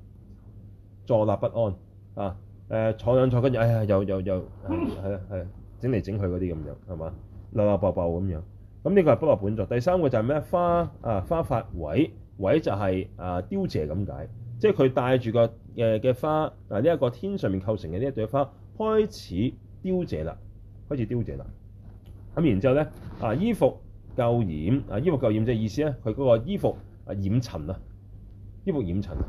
坐立不安啊。誒、呃、坐兩坐，跟住，哎呀又又又係啦係啦，整嚟整去嗰啲咁樣係嘛？扭扭布布咁樣，咁呢個係不樂本座。第三個就係咩花啊？華發萎，萎就係啊凋謝咁解，即係佢帶住個嘅嘅花嗱呢一個天上面構成嘅呢一朵花開始凋謝啦，開始凋謝啦。咁然之後咧啊衣服垢染啊衣服垢染即係意思咧，佢嗰個衣服啊染塵啊，衣服染塵啊。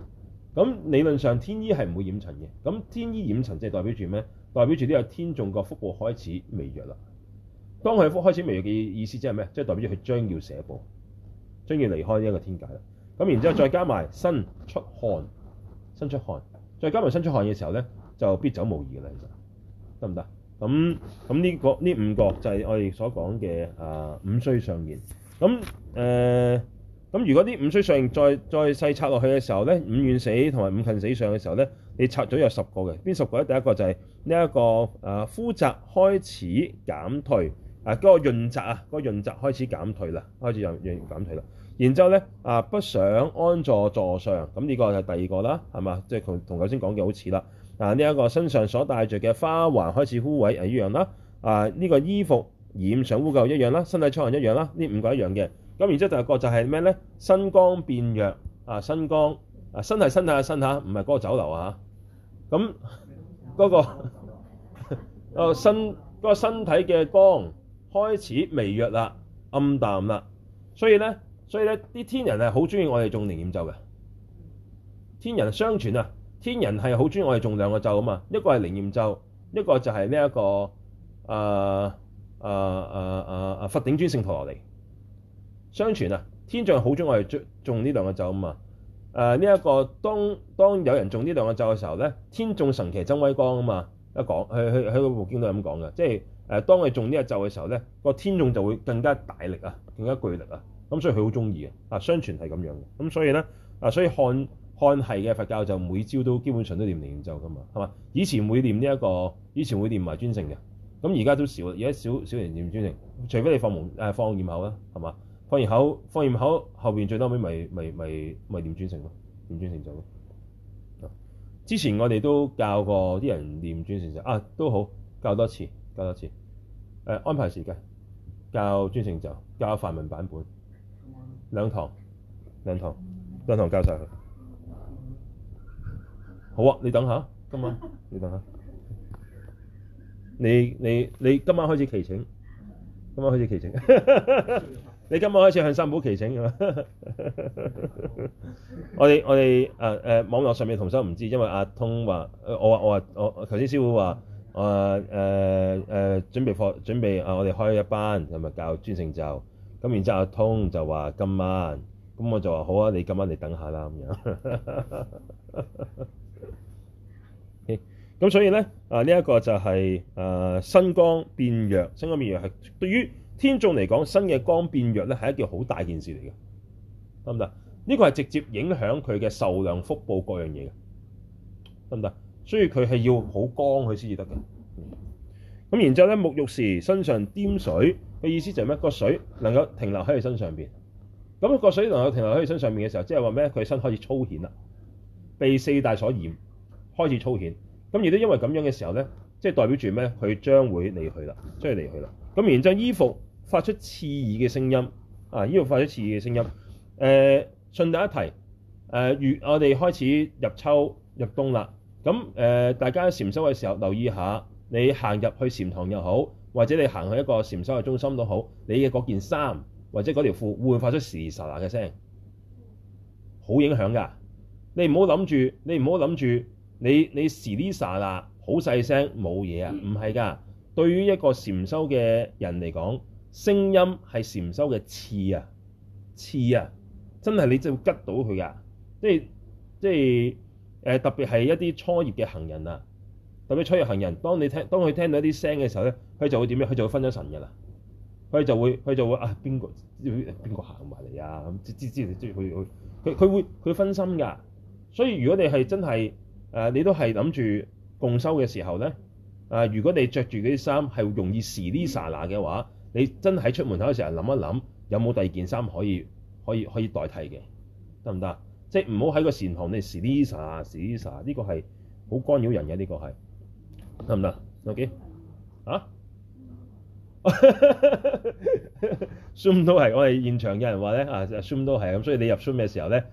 咁理論上天衣係唔會染塵嘅，咁天衣染塵即係代表住咩？代表住呢個天眾個福報開始微弱啦。當佢福開始微弱嘅意思即係咩？即係代表佢將要寫簿，將要離開呢一個天界啦。咁然之後再加埋身出汗、身出汗，再加埋身出汗嘅時候咧，就必走無疑嘅啦。其實得唔得？咁咁呢個呢五個就係我哋所講嘅啊五衰上現。咁誒咁如果啲五衰上現再再細拆落去嘅時候咧，五遠死同埋五近死上嘅時候咧，你拆咗有十個嘅。邊十個咧？第一個就係呢一個誒膚澤開始減退。啊，嗰、那個潤澤啊，嗰、那個潤澤開始減退啦，開始漸漸減退啦。然之後咧，啊不想安坐坐上，咁呢個就第二個啦，係嘛？即係同同頭先講嘅好似啦。啊，呢、這、一個身上所帶著嘅花環開始枯萎，啊一樣啦。啊，呢、這個衣服染上污垢一樣啦，身體出汗一樣啦，呢五個一樣嘅。咁然之後第六個就係咩咧？身光變弱啊，身光身體身體身啊，啊，、那個、啊，身係身體嘅身嚇，唔係嗰個酒樓啊。咁嗰個身嗰個身體嘅光。開始微弱啦，暗淡啦，所以咧，所以咧，啲天人係好中意我哋種靈驗咒嘅。天人相傳啊，天人係好中意我哋種兩個咒啊嘛，一個係靈驗咒，一個就係呢一個啊啊啊啊啊佛頂尊勝陀羅尼。相傳啊，天眾好中意我哋種呢兩個咒啊嘛。誒呢一個當當有人種呢兩個咒嘅時候咧，天眾神奇增威光啊嘛。一講佢喺個部經都係咁講嘅，即係。誒，當佢中呢一咒嘅時候咧，個天眾就會更加大力啊，更加具力啊，咁所以佢好中意嘅。啊，相傳係咁樣嘅，咁所以咧，啊，所以漢漢系嘅佛教就每朝都基本上都念念咒嘅嘛，係嘛？以前會念呢、這、一個，以前會念埋尊勝嘅，咁而家都少，而家少少人念尊勝，除非你放蒙誒放焰口啦，係嘛？放焰口，口，放焰口後邊最多尾咪咪咪咪念尊勝咯，念尊勝咒咯。之前我哋都教過啲人念尊勝啊，都好教多次，教多次。誒，安排時間，教專成就，教繁文版本，兩堂，兩堂，兩堂教晒佢。好啊，你等下今晚，你等下，你你你今晚開始祈請，今晚開始祈請， [LAUGHS] 你今晚開始向三寶祈請，係 [LAUGHS] 嘛？ [LAUGHS] [LAUGHS] 我哋我哋誒誒網絡上面同修唔知，因為阿通話，我話我話我頭先師傅話。我誒誒準備課準備啊！Uh, 我哋開一班，係咪教專成就。咁然之後，阿通就話今晚，咁我就話好啊！你今晚你等下啦，咁樣。咁、 [LAUGHS] okay, 所以咧啊，呢、這、一個就係、是、啊身光變弱，身光變弱係對於天眾嚟講，身嘅光變弱咧係一件好大件事嚟嘅，得唔得？呢、這個係直接影響佢嘅受量、福報各樣嘢嘅，得唔得？所以佢係要好乾佢先至得嘅。咁然之後咧，沐浴時身上沾水嘅意思就係咩？個水能夠停留喺佢身上邊。咁個水能夠停留喺佢身上邊嘅時候，即係話咩？佢身開始粗顯啦，被四大所染，開始粗顯。咁而都因為咁樣嘅時候咧，即係代表住咩？佢將會離去啦，將要離去啦。咁然之後，衣服發出刺耳嘅聲音。啊，衣服發出刺耳嘅聲音。誒、呃，順便一提，誒、呃，月我哋開始入秋入冬啦。咁誒、呃，大家禪修嘅時候留意下，你行入去禪堂又好，或者你行去一個禪修嘅中心都好，你嘅嗰件衫或者嗰條褲會發出時刹嗱嘅聲，好影響㗎！你唔好諗住，你唔好諗住，你你時啲沙嗱，好細聲冇嘢啊，唔係㗎。對於一個禪修嘅人嚟講，聲音係禪修嘅刺啊，刺啊！真係你真會吉到佢㗎，即係即係。誒，特別係一啲初業嘅行人啊，特別初業行人，當你聽，當佢聽到一啲聲嘅時候咧，佢就會點樣？佢就會分咗神㗎啦。佢就會，佢就會啊，邊個邊個行埋嚟啊？咁佢佢佢佢會分心㗎。所以如果你係真係誒、呃，你都係諗住共修嘅時候咧，誒、呃，如果你着住嗰啲衫係容易時呢剎那嘅話，你真係出門口嘅時候諗一諗，有冇第二件衫可以可以可以代替嘅，得唔得？即係唔好喺個前後，你係 Siri 啊 Siri 呢個係好干擾人嘅，呢個係得唔得？OK 啊 [LAUGHS] ？Zoom 都係，我哋現場有人話咧啊，Zoom 都係咁，所以你入 Zoom 嘅時候咧，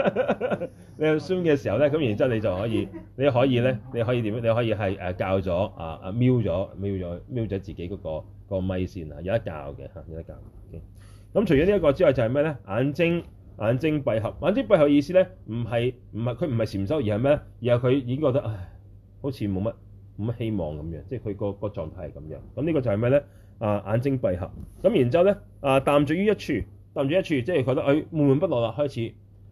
[LAUGHS] 你入 Zoom 嘅時候咧，咁然之後你就可以，你可以咧，你可以點？你可以係誒教咗啊啊瞄咗瞄咗瞄咗自己嗰個麥啊，有得教嘅嚇，有得教。咁除咗呢一個之外，就係咩咧？眼睛眼睛閉合，眼睛閉合嘅意思咧，唔係唔係佢唔係禪修，而係咩？而係佢已經覺得，唉，好似冇乜冇乜希望咁樣，即係佢、嗰個個狀態係咁樣。咁呢個就係咩咧？啊，眼睛閉合，咁然之後咧，啊，耽著於一處，耽著一處，即係覺得，唉，悶悶不樂啦，開始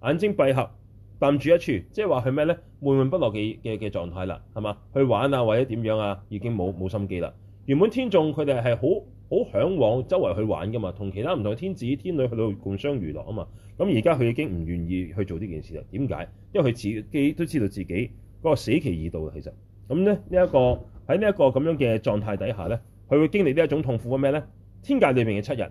眼睛閉合，耽著一處，即係話佢咩咧？悶悶不樂嘅嘅嘅狀態啦，係嘛？去玩啊，或者點樣啊，已經冇冇心機啦。原本天眾佢哋係好好嚮往周圍去玩㗎嘛，同其他唔同嘅天子天女去到共商娛樂啊嘛。咁而家佢已經唔願意去做呢件事啦。點解？因為佢自己都知道自己嗰個死期已到啦。其實咁咧，呢一個喺呢一個咁樣嘅狀態底下咧，佢會經歷呢一種痛苦嘅咩咧？天界裏面嘅七日，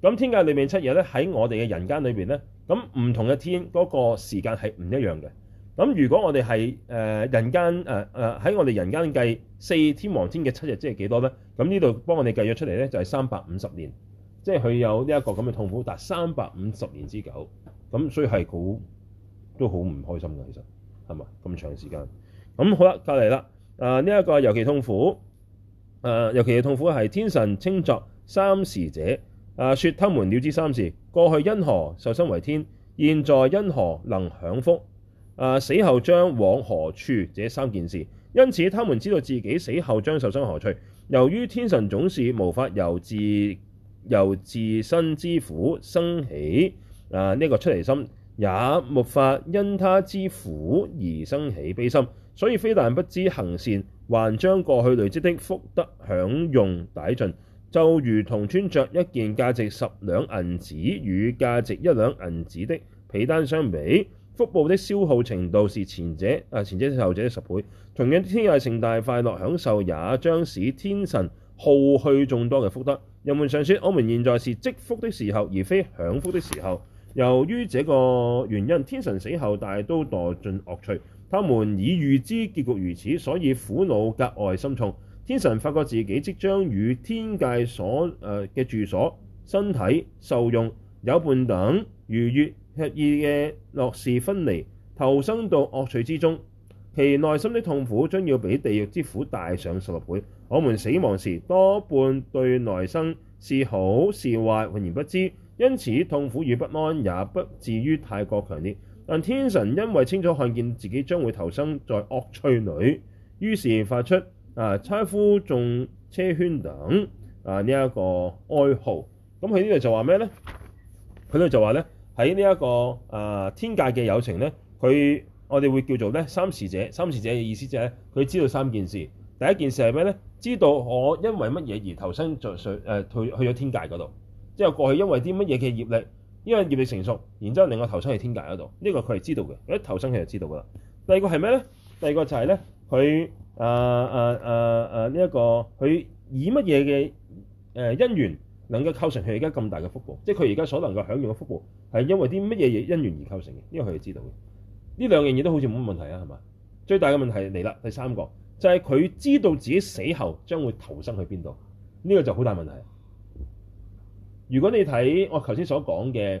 咁天界裏面七日咧，喺我哋嘅人間裏邊咧，咁唔同嘅天嗰個時間係唔一樣嘅。咁、嗯、如果我哋係誒人間誒誒喺我哋人間計四天王天嘅七日即，即係幾多咧？咁呢度幫我哋計咗出嚟咧，就係三百五十年，即係佢有呢一個咁嘅痛苦，達三百五十年之久。咁、嗯、所以係好都好唔開心嘅，其實係咪咁長時間？咁、嗯、好啦，隔離啦。啊、呃，呢、這、一個尤其痛苦，啊、呃、尤其嘅痛苦係天神稱作三時者啊，説他們了知三時，過去因何受身為天，現在在因何能享福？啊、死後將往何處？這三件事，因此他們知道自己死後將受生何趣。由於天神總是無法由自由自身之苦生起啊，呢個出離心，也無法因他之苦而生起悲心，所以非但不知行善，還將過去累積的福德享用殆盡。就如同穿着一件價值十兩銀子與價值一兩銀子的披單相比。福報的消耗程度是前者，啊前者後者十倍。同樣，天界盛大快樂享受，也將使天神耗去眾多嘅福德。人們常說，我們現在是積福的時候，而非享福的時候。由於這個原因，天神死後大都墮進惡趣。他們已預知結局如此，所以苦惱格外深重。天神發覺自己即將與天界所，啊、呃、嘅住所、身體受用、友伴等，如月。愜意嘅樂事分離，投生到惡趣之中，其內心的痛苦將要比地獄之苦大上十六倍。我們死亡時多半對來生是好是壞渾然不知，因此痛苦與不安也不至於太過強烈。但天神因為清楚看見自己將會投生在惡趣裏，於是發出啊嗟呼眾車園等啊呢一、這個哀號。咁喺呢度就話咩呢？佢呢就話呢。喺呢一個誒天界嘅友情咧，佢我哋會叫做咧三時者，三時者嘅意思就係咧，佢知道三件事。第一件事係咩咧？知道我因為乜嘢而投生在誒去去咗天界嗰度。即係過去因為啲乜嘢嘅業力，因為業力成熟，然之後令我投身去天界嗰度，呢個佢係知道嘅。一投身佢就知道噶啦。第二個係咩咧？第二個就係咧，佢誒誒誒誒呢一個佢以乜嘢嘅誒因緣？能夠構成佢而家咁大嘅福報，即係佢而家所能夠享用嘅福報，係因為啲乜嘢嘢因緣而構成嘅，因為佢哋知道嘅。呢兩樣嘢都好似冇乜問題啊，係嘛？最大嘅問題嚟啦，第三個就係、是、佢知道自己死後將會投生去邊度，呢、這個就好大問題。如果你睇我頭先所講嘅誒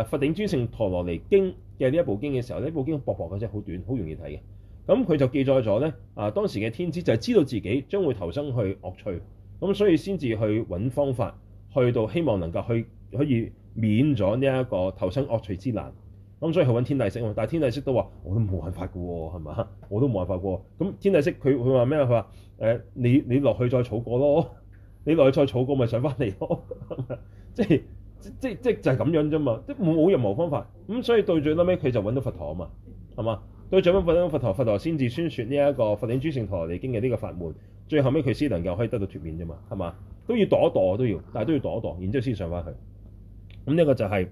《佛頂尊勝陀羅尼經》嘅呢一部經嘅時候，呢部經薄薄嘅啫，好短，好容易睇嘅。咁佢就記載咗咧，啊當時嘅天子就係知道自己將會投生去惡趣。咁、嗯、所以先至去揾方法，去到希望能夠去可以免咗呢一個投身惡趣之難。咁、嗯、所以去揾天帝釋，但係天帝釋都話我都冇辦法嘅喎，係嘛？我都冇辦法嘅。咁、嗯、天帝釋，佢佢話咩？佢話誒你你落去再草過咯，你落去再草過咪上翻嚟咯。咯即係即即、就係、即就係咁樣啫嘛，都冇任何方法。咁、嗯、所以到最屘尾佢就揾到佛陀啊嘛，係嘛？到最屘揾到佛陀，佛陀先至宣説呢一個《佛頂尊勝陀羅尼經》嘅呢個法門。最後尾，佢先能夠可以得到脫免啫嘛，係嘛？都要墮一墮，都要度度，但係都要墮一墮，然之後先上翻去。咁、這、呢、個就是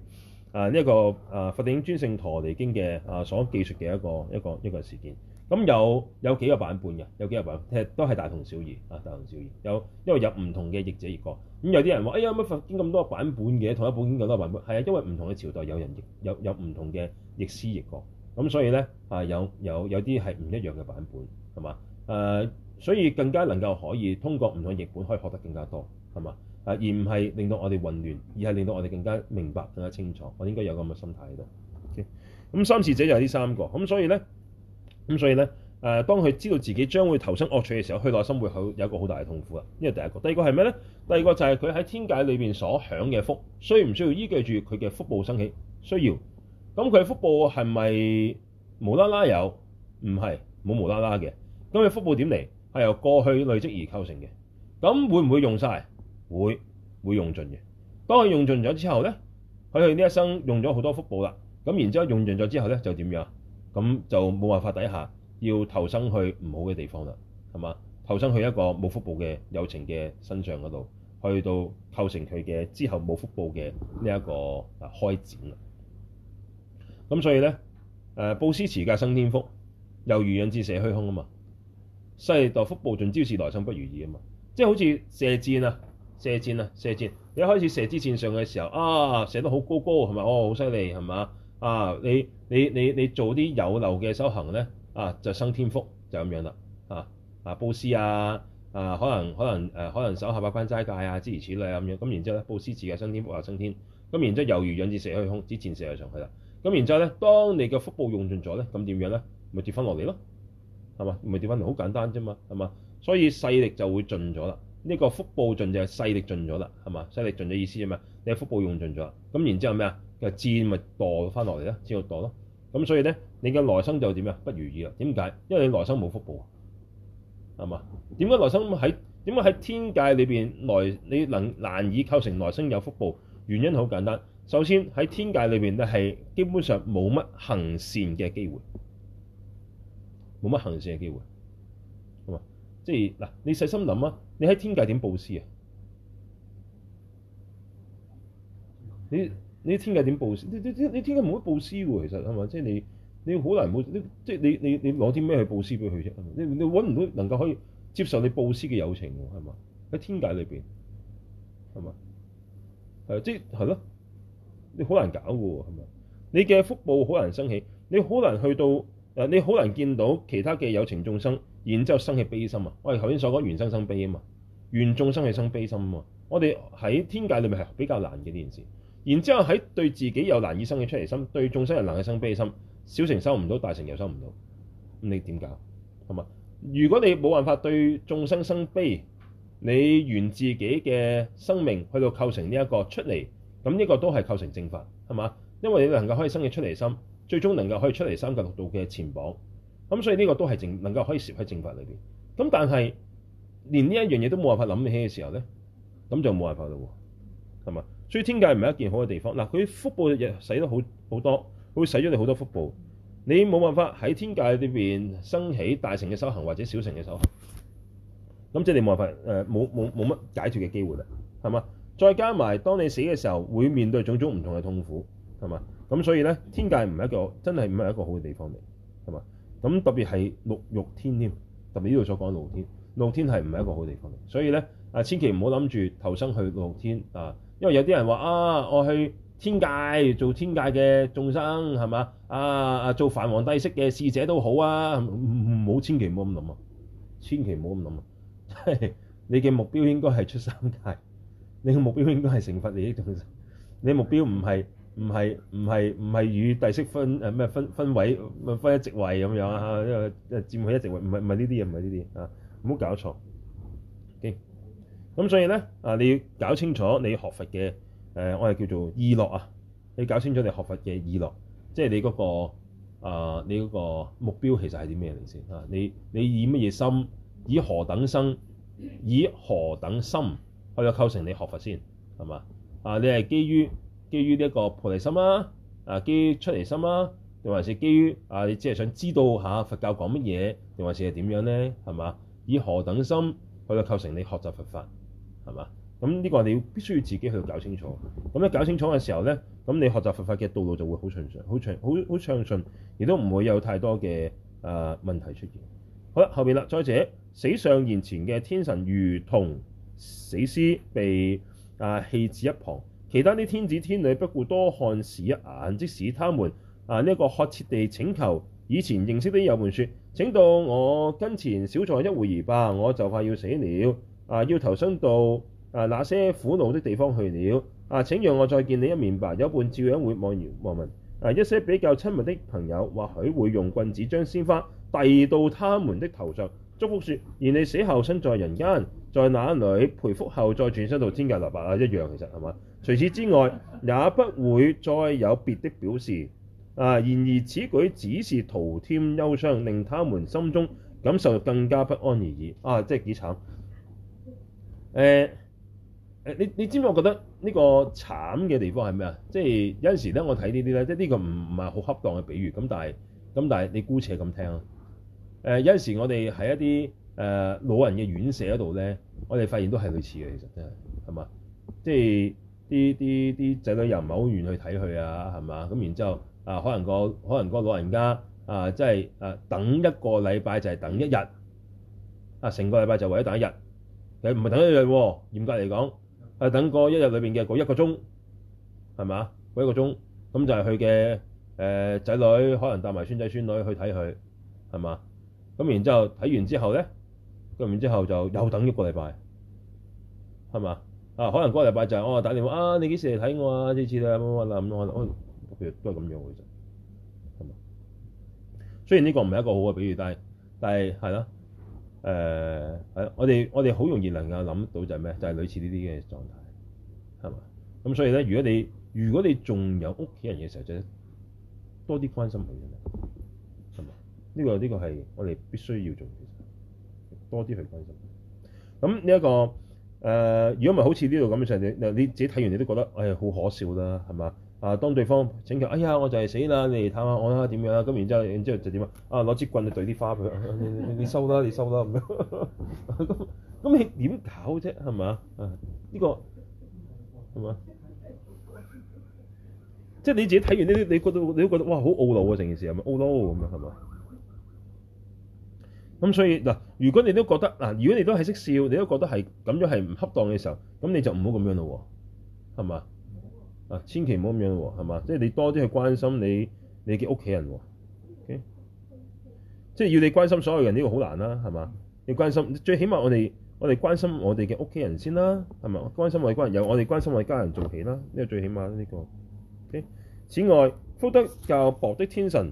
啊這個啊啊、一個就係誒呢一個誒《佛頂尊勝陀羅尼經》嘅誒所記述嘅一個一個一個事件。咁有有幾個版本嘅，有幾個版本，都係大同小異啊，大同小異。有因為有唔同嘅譯者譯過，咁有啲人話：，哎呀乜佛經咁多版本嘅，同一本經咁多版本係啊，因為唔同嘅朝代有人譯，有有唔同嘅譯師譯過，咁所以咧啊有有有啲係唔一樣嘅版本係嘛誒？所以更加能夠可以通過唔同譯本可以學得更加多係嘛？啊，而唔係令到我哋混亂，而係令到我哋更加明白、更加清楚。我應該有咁嘅心態喺度。咁三時者就係呢三個。咁所以呢，咁所以呢，誒、呃，當佢知道自己將會投生惡趣嘅時候，內心會好有一個好大嘅痛苦啊。呢個第一個，第二個係咩呢？第二個就係佢喺天界裏面所享嘅福，需唔需要依據住佢嘅福報生起？需要。咁佢嘅福報係咪無啦啦有？唔係冇無啦啦嘅。咁佢福報點嚟？係由過去累積而構成嘅，咁會唔會用晒？會會用盡嘅。當佢用盡咗之後咧，佢去呢一生用咗好多福報啦。咁然之後用盡咗之後咧，就點樣？咁就冇辦法底下要投生去唔好嘅地方啦，係嘛？投生去一個冇福報嘅有情嘅身上嗰度，去到構成佢嘅之後冇福報嘅呢一個啊開展啦。咁所以咧，誒、呃、布施持戒生天福，猶如仰箭射虛空啊嘛。西代福報盡，招是來生不如意啊嘛！即係好似射箭啊，射箭啊，射箭！你一開始射支箭上嘅時候啊，射得好高高係咪？哦，好犀利係嘛？啊，你你你你做啲有漏嘅修行咧啊，就生天福就咁樣啦啊啊！佈施啊啊，啊，可能可能誒、啊、可能守下八關齋戒啊，諸如此類啊咁樣咁，然之後咧布施自嘅生天福啊，升天咁，然之後猶如仰箭射去空，支箭射去上去啦咁，然之後咧當你嘅福報用盡咗咧，咁點樣咧？咪跌翻落嚟咯！係嘛？咪跌翻落，好簡單啫嘛，係嘛？所以勢力就會盡咗啦。呢、這個福報盡就係勢力盡咗啦，係嘛？勢力盡咗意思係咩？你福報用盡咗啦，咁然之後咩啊？個箭咪墮翻落嚟啦，箭落墮咯。咁所以咧，你嘅來生就點呀？不如意啊？點解？因為你來生冇福報啊，係嘛？點解來生喺點解喺天界裏邊嚟你能難以構成來生有福報？原因好簡單，首先喺天界裏邊咧係基本上冇乜行善嘅機會。冇乜行善嘅機會，係嘛？即係嗱，你細心諗啊，你喺天界點布施啊？你你天界點布施？你，你天界冇得布施喎，其實係嘛？即係你你好難冇，即係你你你攞啲咩去布施俾佢啫？你你揾唔到能夠可以接受你布施嘅友情喎，係嘛？喺天界裏邊，係嘛？係即係咯，你好難搞嘅喎，係咪？你嘅福報好難升起，你好難去到。誒你好難見到其他嘅有情眾生，然之後生起悲心啊！我哋頭先所講緣生生悲啊嘛，緣眾生係生悲心啊嘛。我哋喺天界裏面係比較難嘅呢件事。然之後喺對自己有難以生起出離心，對眾生又難以生悲心，小乘修唔到，大乘又修唔到。咁你點搞？係嘛？如果你冇辦法對眾生生悲，你緣自己嘅生命去到構成呢一個出離，咁呢個都係構成正法係嘛？因為你能夠可以生起出離心。最終能夠可以出嚟三界六道嘅前榜，咁所以呢個都係正能夠可以攝喺正法裏邊。咁但係連呢一樣嘢都冇辦法諗起嘅時候咧，咁就冇辦法啦，係嘛？所以天界唔係一件好嘅地方。嗱，佢福報嘅嘢使得好好多，會使咗你好多福報。你冇辦法喺天界呢邊升起大乘嘅修行或者小乘嘅修行，咁即係你冇辦法，誒冇冇冇乜解脱嘅機會啦，係嘛？再加埋當你死嘅時候，會面對種種唔同嘅痛苦。係嘛？咁所以咧，天界唔係一個真係唔係一個好嘅地方嚟，係嘛？咁特別係六欲天添，特別呢度所講嘅六天，六天係唔係一個好地方嚟？所以咧啊，千祈唔好諗住投生去六天啊，因為有啲人話啊，我去天界做天界嘅眾生係嘛？啊啊做梵王帝釋嘅侍者都好啊，唔、嗯、好千祈唔好咁諗啊，千祈唔好咁諗啊， [LAUGHS] 你嘅目標應該係出三界，你嘅目標應該係成佛利益眾生，你目標唔係。唔係唔係唔係與帝釋分誒咩、啊、分分位，分一席位咁樣啊！因為占佔佢一席位，唔係唔係呢啲嘢，唔係呢啲啊，唔好搞錯。o、okay? 咁所以咧啊，你要搞清楚你學佛嘅誒、啊，我哋叫做意樂啊。你搞清楚你學佛嘅意樂，即、就、係、是、你嗰、那個啊，你嗰個目標其實係啲咩嚟先啊？你你以乜嘢心，以何等身，以何等心去構成你學佛先係嘛？啊，你係基於。基於呢一個菩提心啊，啊基於出離心啊，定還是基於啊，你只係想知道下佛教講乜嘢，定還是係點樣咧？係嘛？以何等心去到構成你學習佛法？係嘛？咁呢個你要必須要自己去搞清楚。咁咧搞清楚嘅時候咧，咁你學習佛法嘅道路就會好暢順，好暢，好好暢順，亦都唔會有太多嘅啊問題出現。好啦，後面啦，再者，死相現前嘅天神如同死屍被啊棄置一旁。其他啲天子天女不顧多看視一眼，即使他們啊呢一、這個渴切地請求，以前認識啲友伴説：請到我跟前小坐一會兒吧，我就快要死了，啊要投身到啊那些苦惱的地方去了，啊請讓我再見你一面吧。友伴照樣會罔聞。莫問。一些比較親密的朋友或許會用棍子將鮮花遞到他們的頭上，祝福説：願你死後生在人間，在那裏培福後再轉生到天界立白啊一樣，其實係嘛？除此之外，也不會再有別的表示。啊！然而此舉只是徒添憂傷，令他們心中感受更加不安而已。啊！即係幾慘。誒、欸、～誒，你你知唔知我覺得呢個慘嘅地方係咩啊？即係有陣時咧，我睇呢啲咧，即係呢個唔唔係好恰當嘅比喻咁，但係咁但係你姑且咁聽。誒有陣時我哋喺一啲誒老人嘅院舍嗰度咧，我哋發現都係類似嘅，其實真係係嘛？即係啲啲啲仔女又唔係好願去睇佢啊，係嘛？咁然之後啊，可能個可能個老人家啊，即係啊等一個禮拜就係等一日啊，成個禮拜就為咗等一日，其實唔係等一日喎，嚴格嚟講。係等個一日裏邊嘅嗰一個鐘，係嘛？嗰一個鐘咁就係佢嘅誒仔女可能帶埋孫仔孫女去睇佢，係嘛？咁然之後睇完之後咧，跟住之後就又等一個禮拜，係嘛？啊，可能個禮拜就係我打電話啊，你幾時嚟睇我啊？呢次啊，乜乜啦咁可能，其實都係咁樣嘅啫。咁啊，雖然呢個唔係一個好嘅比喻，但係係咯。誒係、呃，我哋我哋好容易能夠諗到就係咩？就係類似呢啲嘅狀態，係嘛？咁所以咧，如果你如果你仲有屋企人嘅時候，就多啲關心佢嘅，係嘛？呢個呢個係我哋必須要做嘅，多啲去關心佢。咁呢一個誒，如果唔係好似呢度咁樣上，你你自己睇完你都覺得，哎好可笑啦，係嘛？啊！當對方請求，哎呀，我就係死啦！你嚟探下我啦，點樣啦？咁然之後，然之後就點啊？Picture, 啊！攞支棍嚟懟啲花佢，你收啦，你收啦。咁樣。咁咁你點搞啫？係咪啊？呢個係咪即係你自己睇完呢啲，你覺得你都覺得哇，好懊惱啊！成件事咁懊惱咁樣係咪？咁所以嗱，如果你都覺得嗱，如果你都係識笑，你都覺得係咁樣係唔恰當嘅時候，咁你就唔好咁樣咯，係咪？啊，千祈唔好咁樣喎，係嘛？即係你多啲去關心你你嘅屋企人喎。Okay? 即係要你關心所有人呢、呢個好難啦、啊，係嘛？要關心，最起碼我哋我哋關心我哋嘅屋企人先啦，係咪？關心我哋家人，由我哋關心我哋家人做起啦，呢個最起碼呢、呢個。Okay? 此外，福德較薄的天神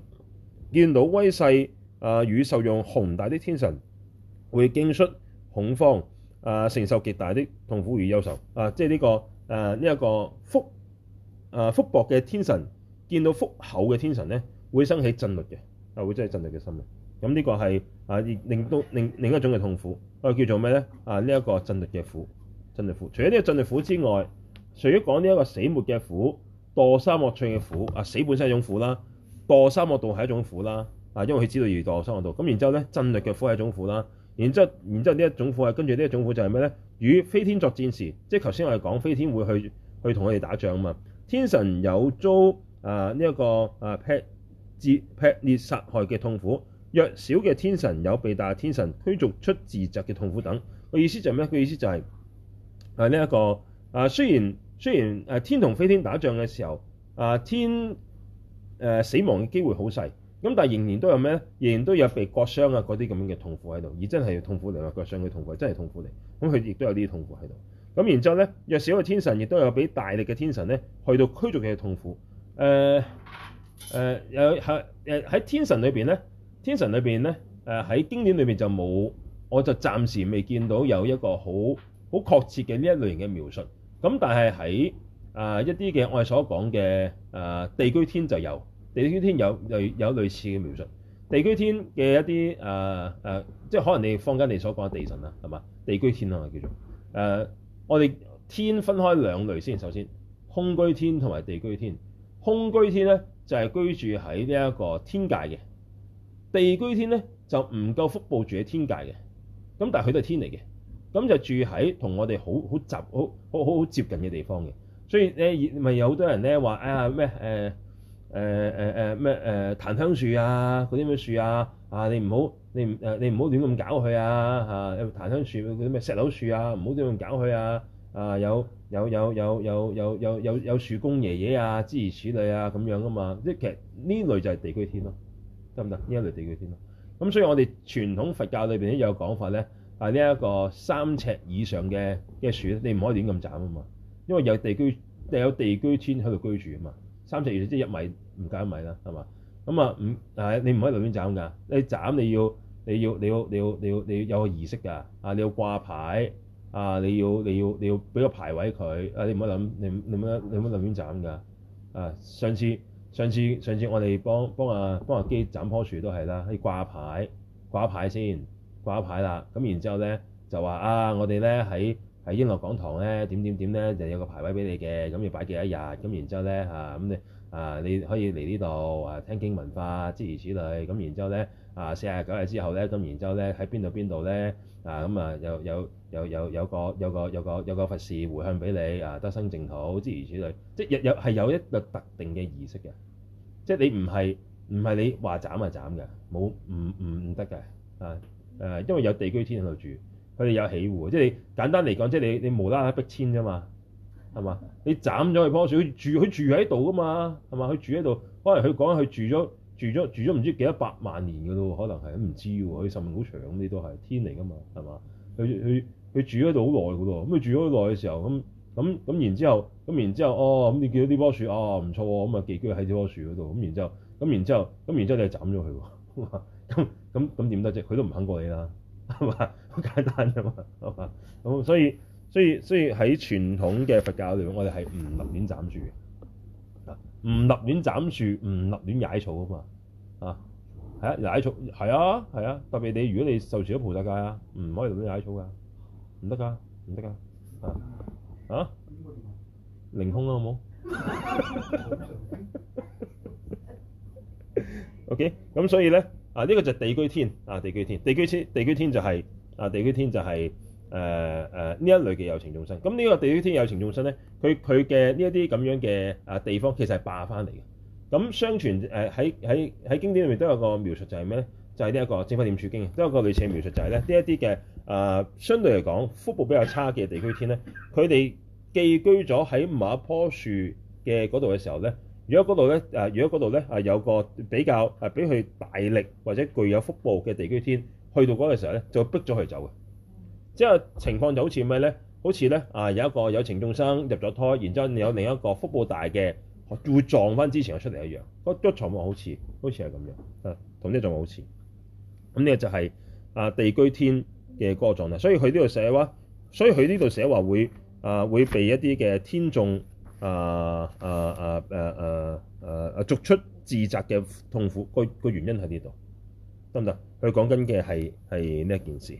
見到威勢啊、呃，與受用洪大的天神會驚出恐慌啊、呃，承受極大的痛苦與憂愁啊，即係呢、呢個啊呢一個福。誒福、啊、薄嘅天神見到福厚嘅天神咧，會生起震慄嘅，啊會生起震慄嘅心嘅。咁呢個係啊，令到、啊、另另一種嘅痛苦，啊叫做咩咧？啊呢一、這個震慄嘅苦，震慄苦。除咗呢個震慄苦之外，除咗講呢一個死歿嘅苦、墮三惡趣嘅苦啊，死本身係一種苦啦，墮三惡道係一種苦啦。啊，因為佢知道要墮三惡道咁、啊，然之後咧震慄嘅苦係一種苦啦。然之後，然之後，然後呢一種苦係跟住呢一種苦就係咩咧？與非天作戰時，即係頭先我哋講非天會去去同佢哋打仗啊嘛。天神有遭啊呢一個啊劈折劈裂殺害嘅痛苦，弱小嘅天神有被大天神驅逐出自宅嘅痛苦等。個意思就係咩？個意思就係啊呢一個啊雖然雖然誒天同非天打仗嘅時候啊，天誒死亡嘅機會好細，咁但係仍然都有咩？仍然都有被割傷啊嗰啲咁樣嘅痛苦喺度，而真係痛苦嚟啊，割傷嘅痛苦真係痛苦嚟，咁佢亦都有呢啲痛苦喺度。咁然之後咧，弱小嘅天神亦都有俾大力嘅天神咧，去到驅逐佢嘅痛苦。誒誒有係誒喺天神裏邊咧，天神裏邊咧誒喺經典裏邊就冇，我就暫時未見到有一個好好確切嘅呢一類型嘅描述。咁但係喺啊一啲嘅我哋所講嘅啊地居天就有地居天有，有，有類有類似嘅描述，地居天嘅一啲誒誒，即係可能你坊間你所講嘅地神啊係嘛？地居天啊叫做誒。呃呃我哋天分開兩類先，首先空居天同埋地居天。空居天咧就係居住喺呢一個天界嘅，地居天咧就唔夠福報住喺天界嘅。咁但係佢都係天嚟嘅，咁就是，住喺同我哋好好集好好好好接近嘅地方嘅。所以咧，咪有好多人咧話啊咩誒誒誒誒咩誒檀香樹啊嗰啲咩樹啊。啊！你唔好，你唔誒，你唔好亂咁搞佢啊！嚇、啊，有檀香樹啲咩石榴樹啊，唔好亂咁搞佢啊！啊，有有有有有有有有有，有樹公爺爺啊，諸如此類啊，咁樣噶嘛，即係其實呢類就係地居天咯，得唔得？呢一類地居天咯。咁所以我哋傳統佛教裏邊都有講法咧，啊呢一、呢個三尺以上嘅嘅樹，你唔可以亂咁斬啊嘛，因為有地居，有地居天喺度居住啊嘛。三尺以上即一米，唔夠一米啦，係嘛？咁啊，唔、嗯，係你唔可以隨便斬㗎，你斬你要，你要，你要，你要，你要，你要，你要有個儀式㗎，啊你要掛牌，啊你要，你要，你要俾個牌位佢，啊你唔好諗，你唔，你唔得，你唔得隨便斬㗎，啊上次，上次，上次我哋幫幫阿幫阿基、啊、斬棵樹都係啦，可以掛牌，掛牌先，掛牌啦，咁然之後咧就話啊，我哋咧喺喺英樂講堂咧點點點咧，就有個牌位俾你嘅，咁要擺幾多日，咁然之後咧啊咁你。啊啊啊啊啊啊啊啊啊！你可以嚟呢度啊，聽經聞法，諸如此類。咁然之後咧，啊四十九日之後咧，咁然之後咧，喺邊度邊度咧？啊咁啊、嗯，有有有有有個有個有個有個,有個佛事回向俾你啊，得生淨土，諸如此類。即係有有係有一個特定嘅儀式嘅。即係你唔係唔係你話斬就斬嘅，冇唔唔唔得嘅啊誒、啊，因為有地居天喺度住，佢哋有起屋，即係簡單嚟講，即係你你,你,你無啦啦逼遷啫嘛。係嘛？你斬咗佢樖樹，佢住佢住喺度噶嘛？係嘛？佢住喺度，可能佢講佢住咗住咗住咗唔知幾多百萬年噶咯，可能係唔知喎。佢壽命好長，咁你都係天嚟噶嘛？係嘛？佢佢佢住喺度好耐好多，咁佢住咗好耐嘅時候，咁咁咁然之後，咁然之後，哦，咁你見到呢棵樹，哦、啊、唔錯，咁啊寄居喺呢棵樹嗰度，咁然之後，咁然之後，咁然之後你係斬咗佢喎，咁咁咁點得啫？佢都唔肯過你啦，係嘛？好簡單啫嘛，係嘛？咁所以。所以所以所以喺傳統嘅佛教裏邊，我哋係唔立亂斬樹啊，唔立亂斬樹，唔立亂踩草啊嘛，啊，係啊，踩草係啊係啊，特別你如果你受持咗菩薩戒啊，唔可以亂踩草噶，唔得噶，唔得噶，啊，嚇、啊，凌空啦、啊、好冇 [LAUGHS] ？OK，咁所以咧，啊呢、呢個就地居天啊，地居天，地居天，地居天就係、是、啊，地居天就係、是。誒誒呢一類嘅有情眾生，咁、嗯、呢、這個地區天有情眾生咧，佢佢嘅呢一啲咁樣嘅啊地方，其實係霸翻嚟嘅。咁、嗯、相傳誒喺喺喺經典裏面都有個描述就，就係咩咧？就係呢一個《正法念處經》都有個類似嘅描述就，就係咧呢一啲嘅啊相對嚟講福報比較差嘅地區天咧，佢哋寄居咗喺某一棵樹嘅嗰度嘅時候咧，如果嗰度咧誒如果嗰度咧啊有個比較啊比佢大力或者具有福報嘅地區天去到嗰個時候咧，就會逼咗佢走嘅。之後情況就好似咩咧？好似咧啊，有一個有情眾生入咗胎，然之後有另一個福報大嘅會撞返之前出嚟一樣，那個個狀況好似好似係咁樣啊，同呢個好似。咁呢個就係、是、啊地居天嘅嗰個狀態，所以佢呢度寫話，所以佢呢度寫話會啊會被一啲嘅天眾啊啊啊啊啊啊逐出自宅嘅痛苦，個個原因喺呢度得唔得？佢講緊嘅係係呢一件事。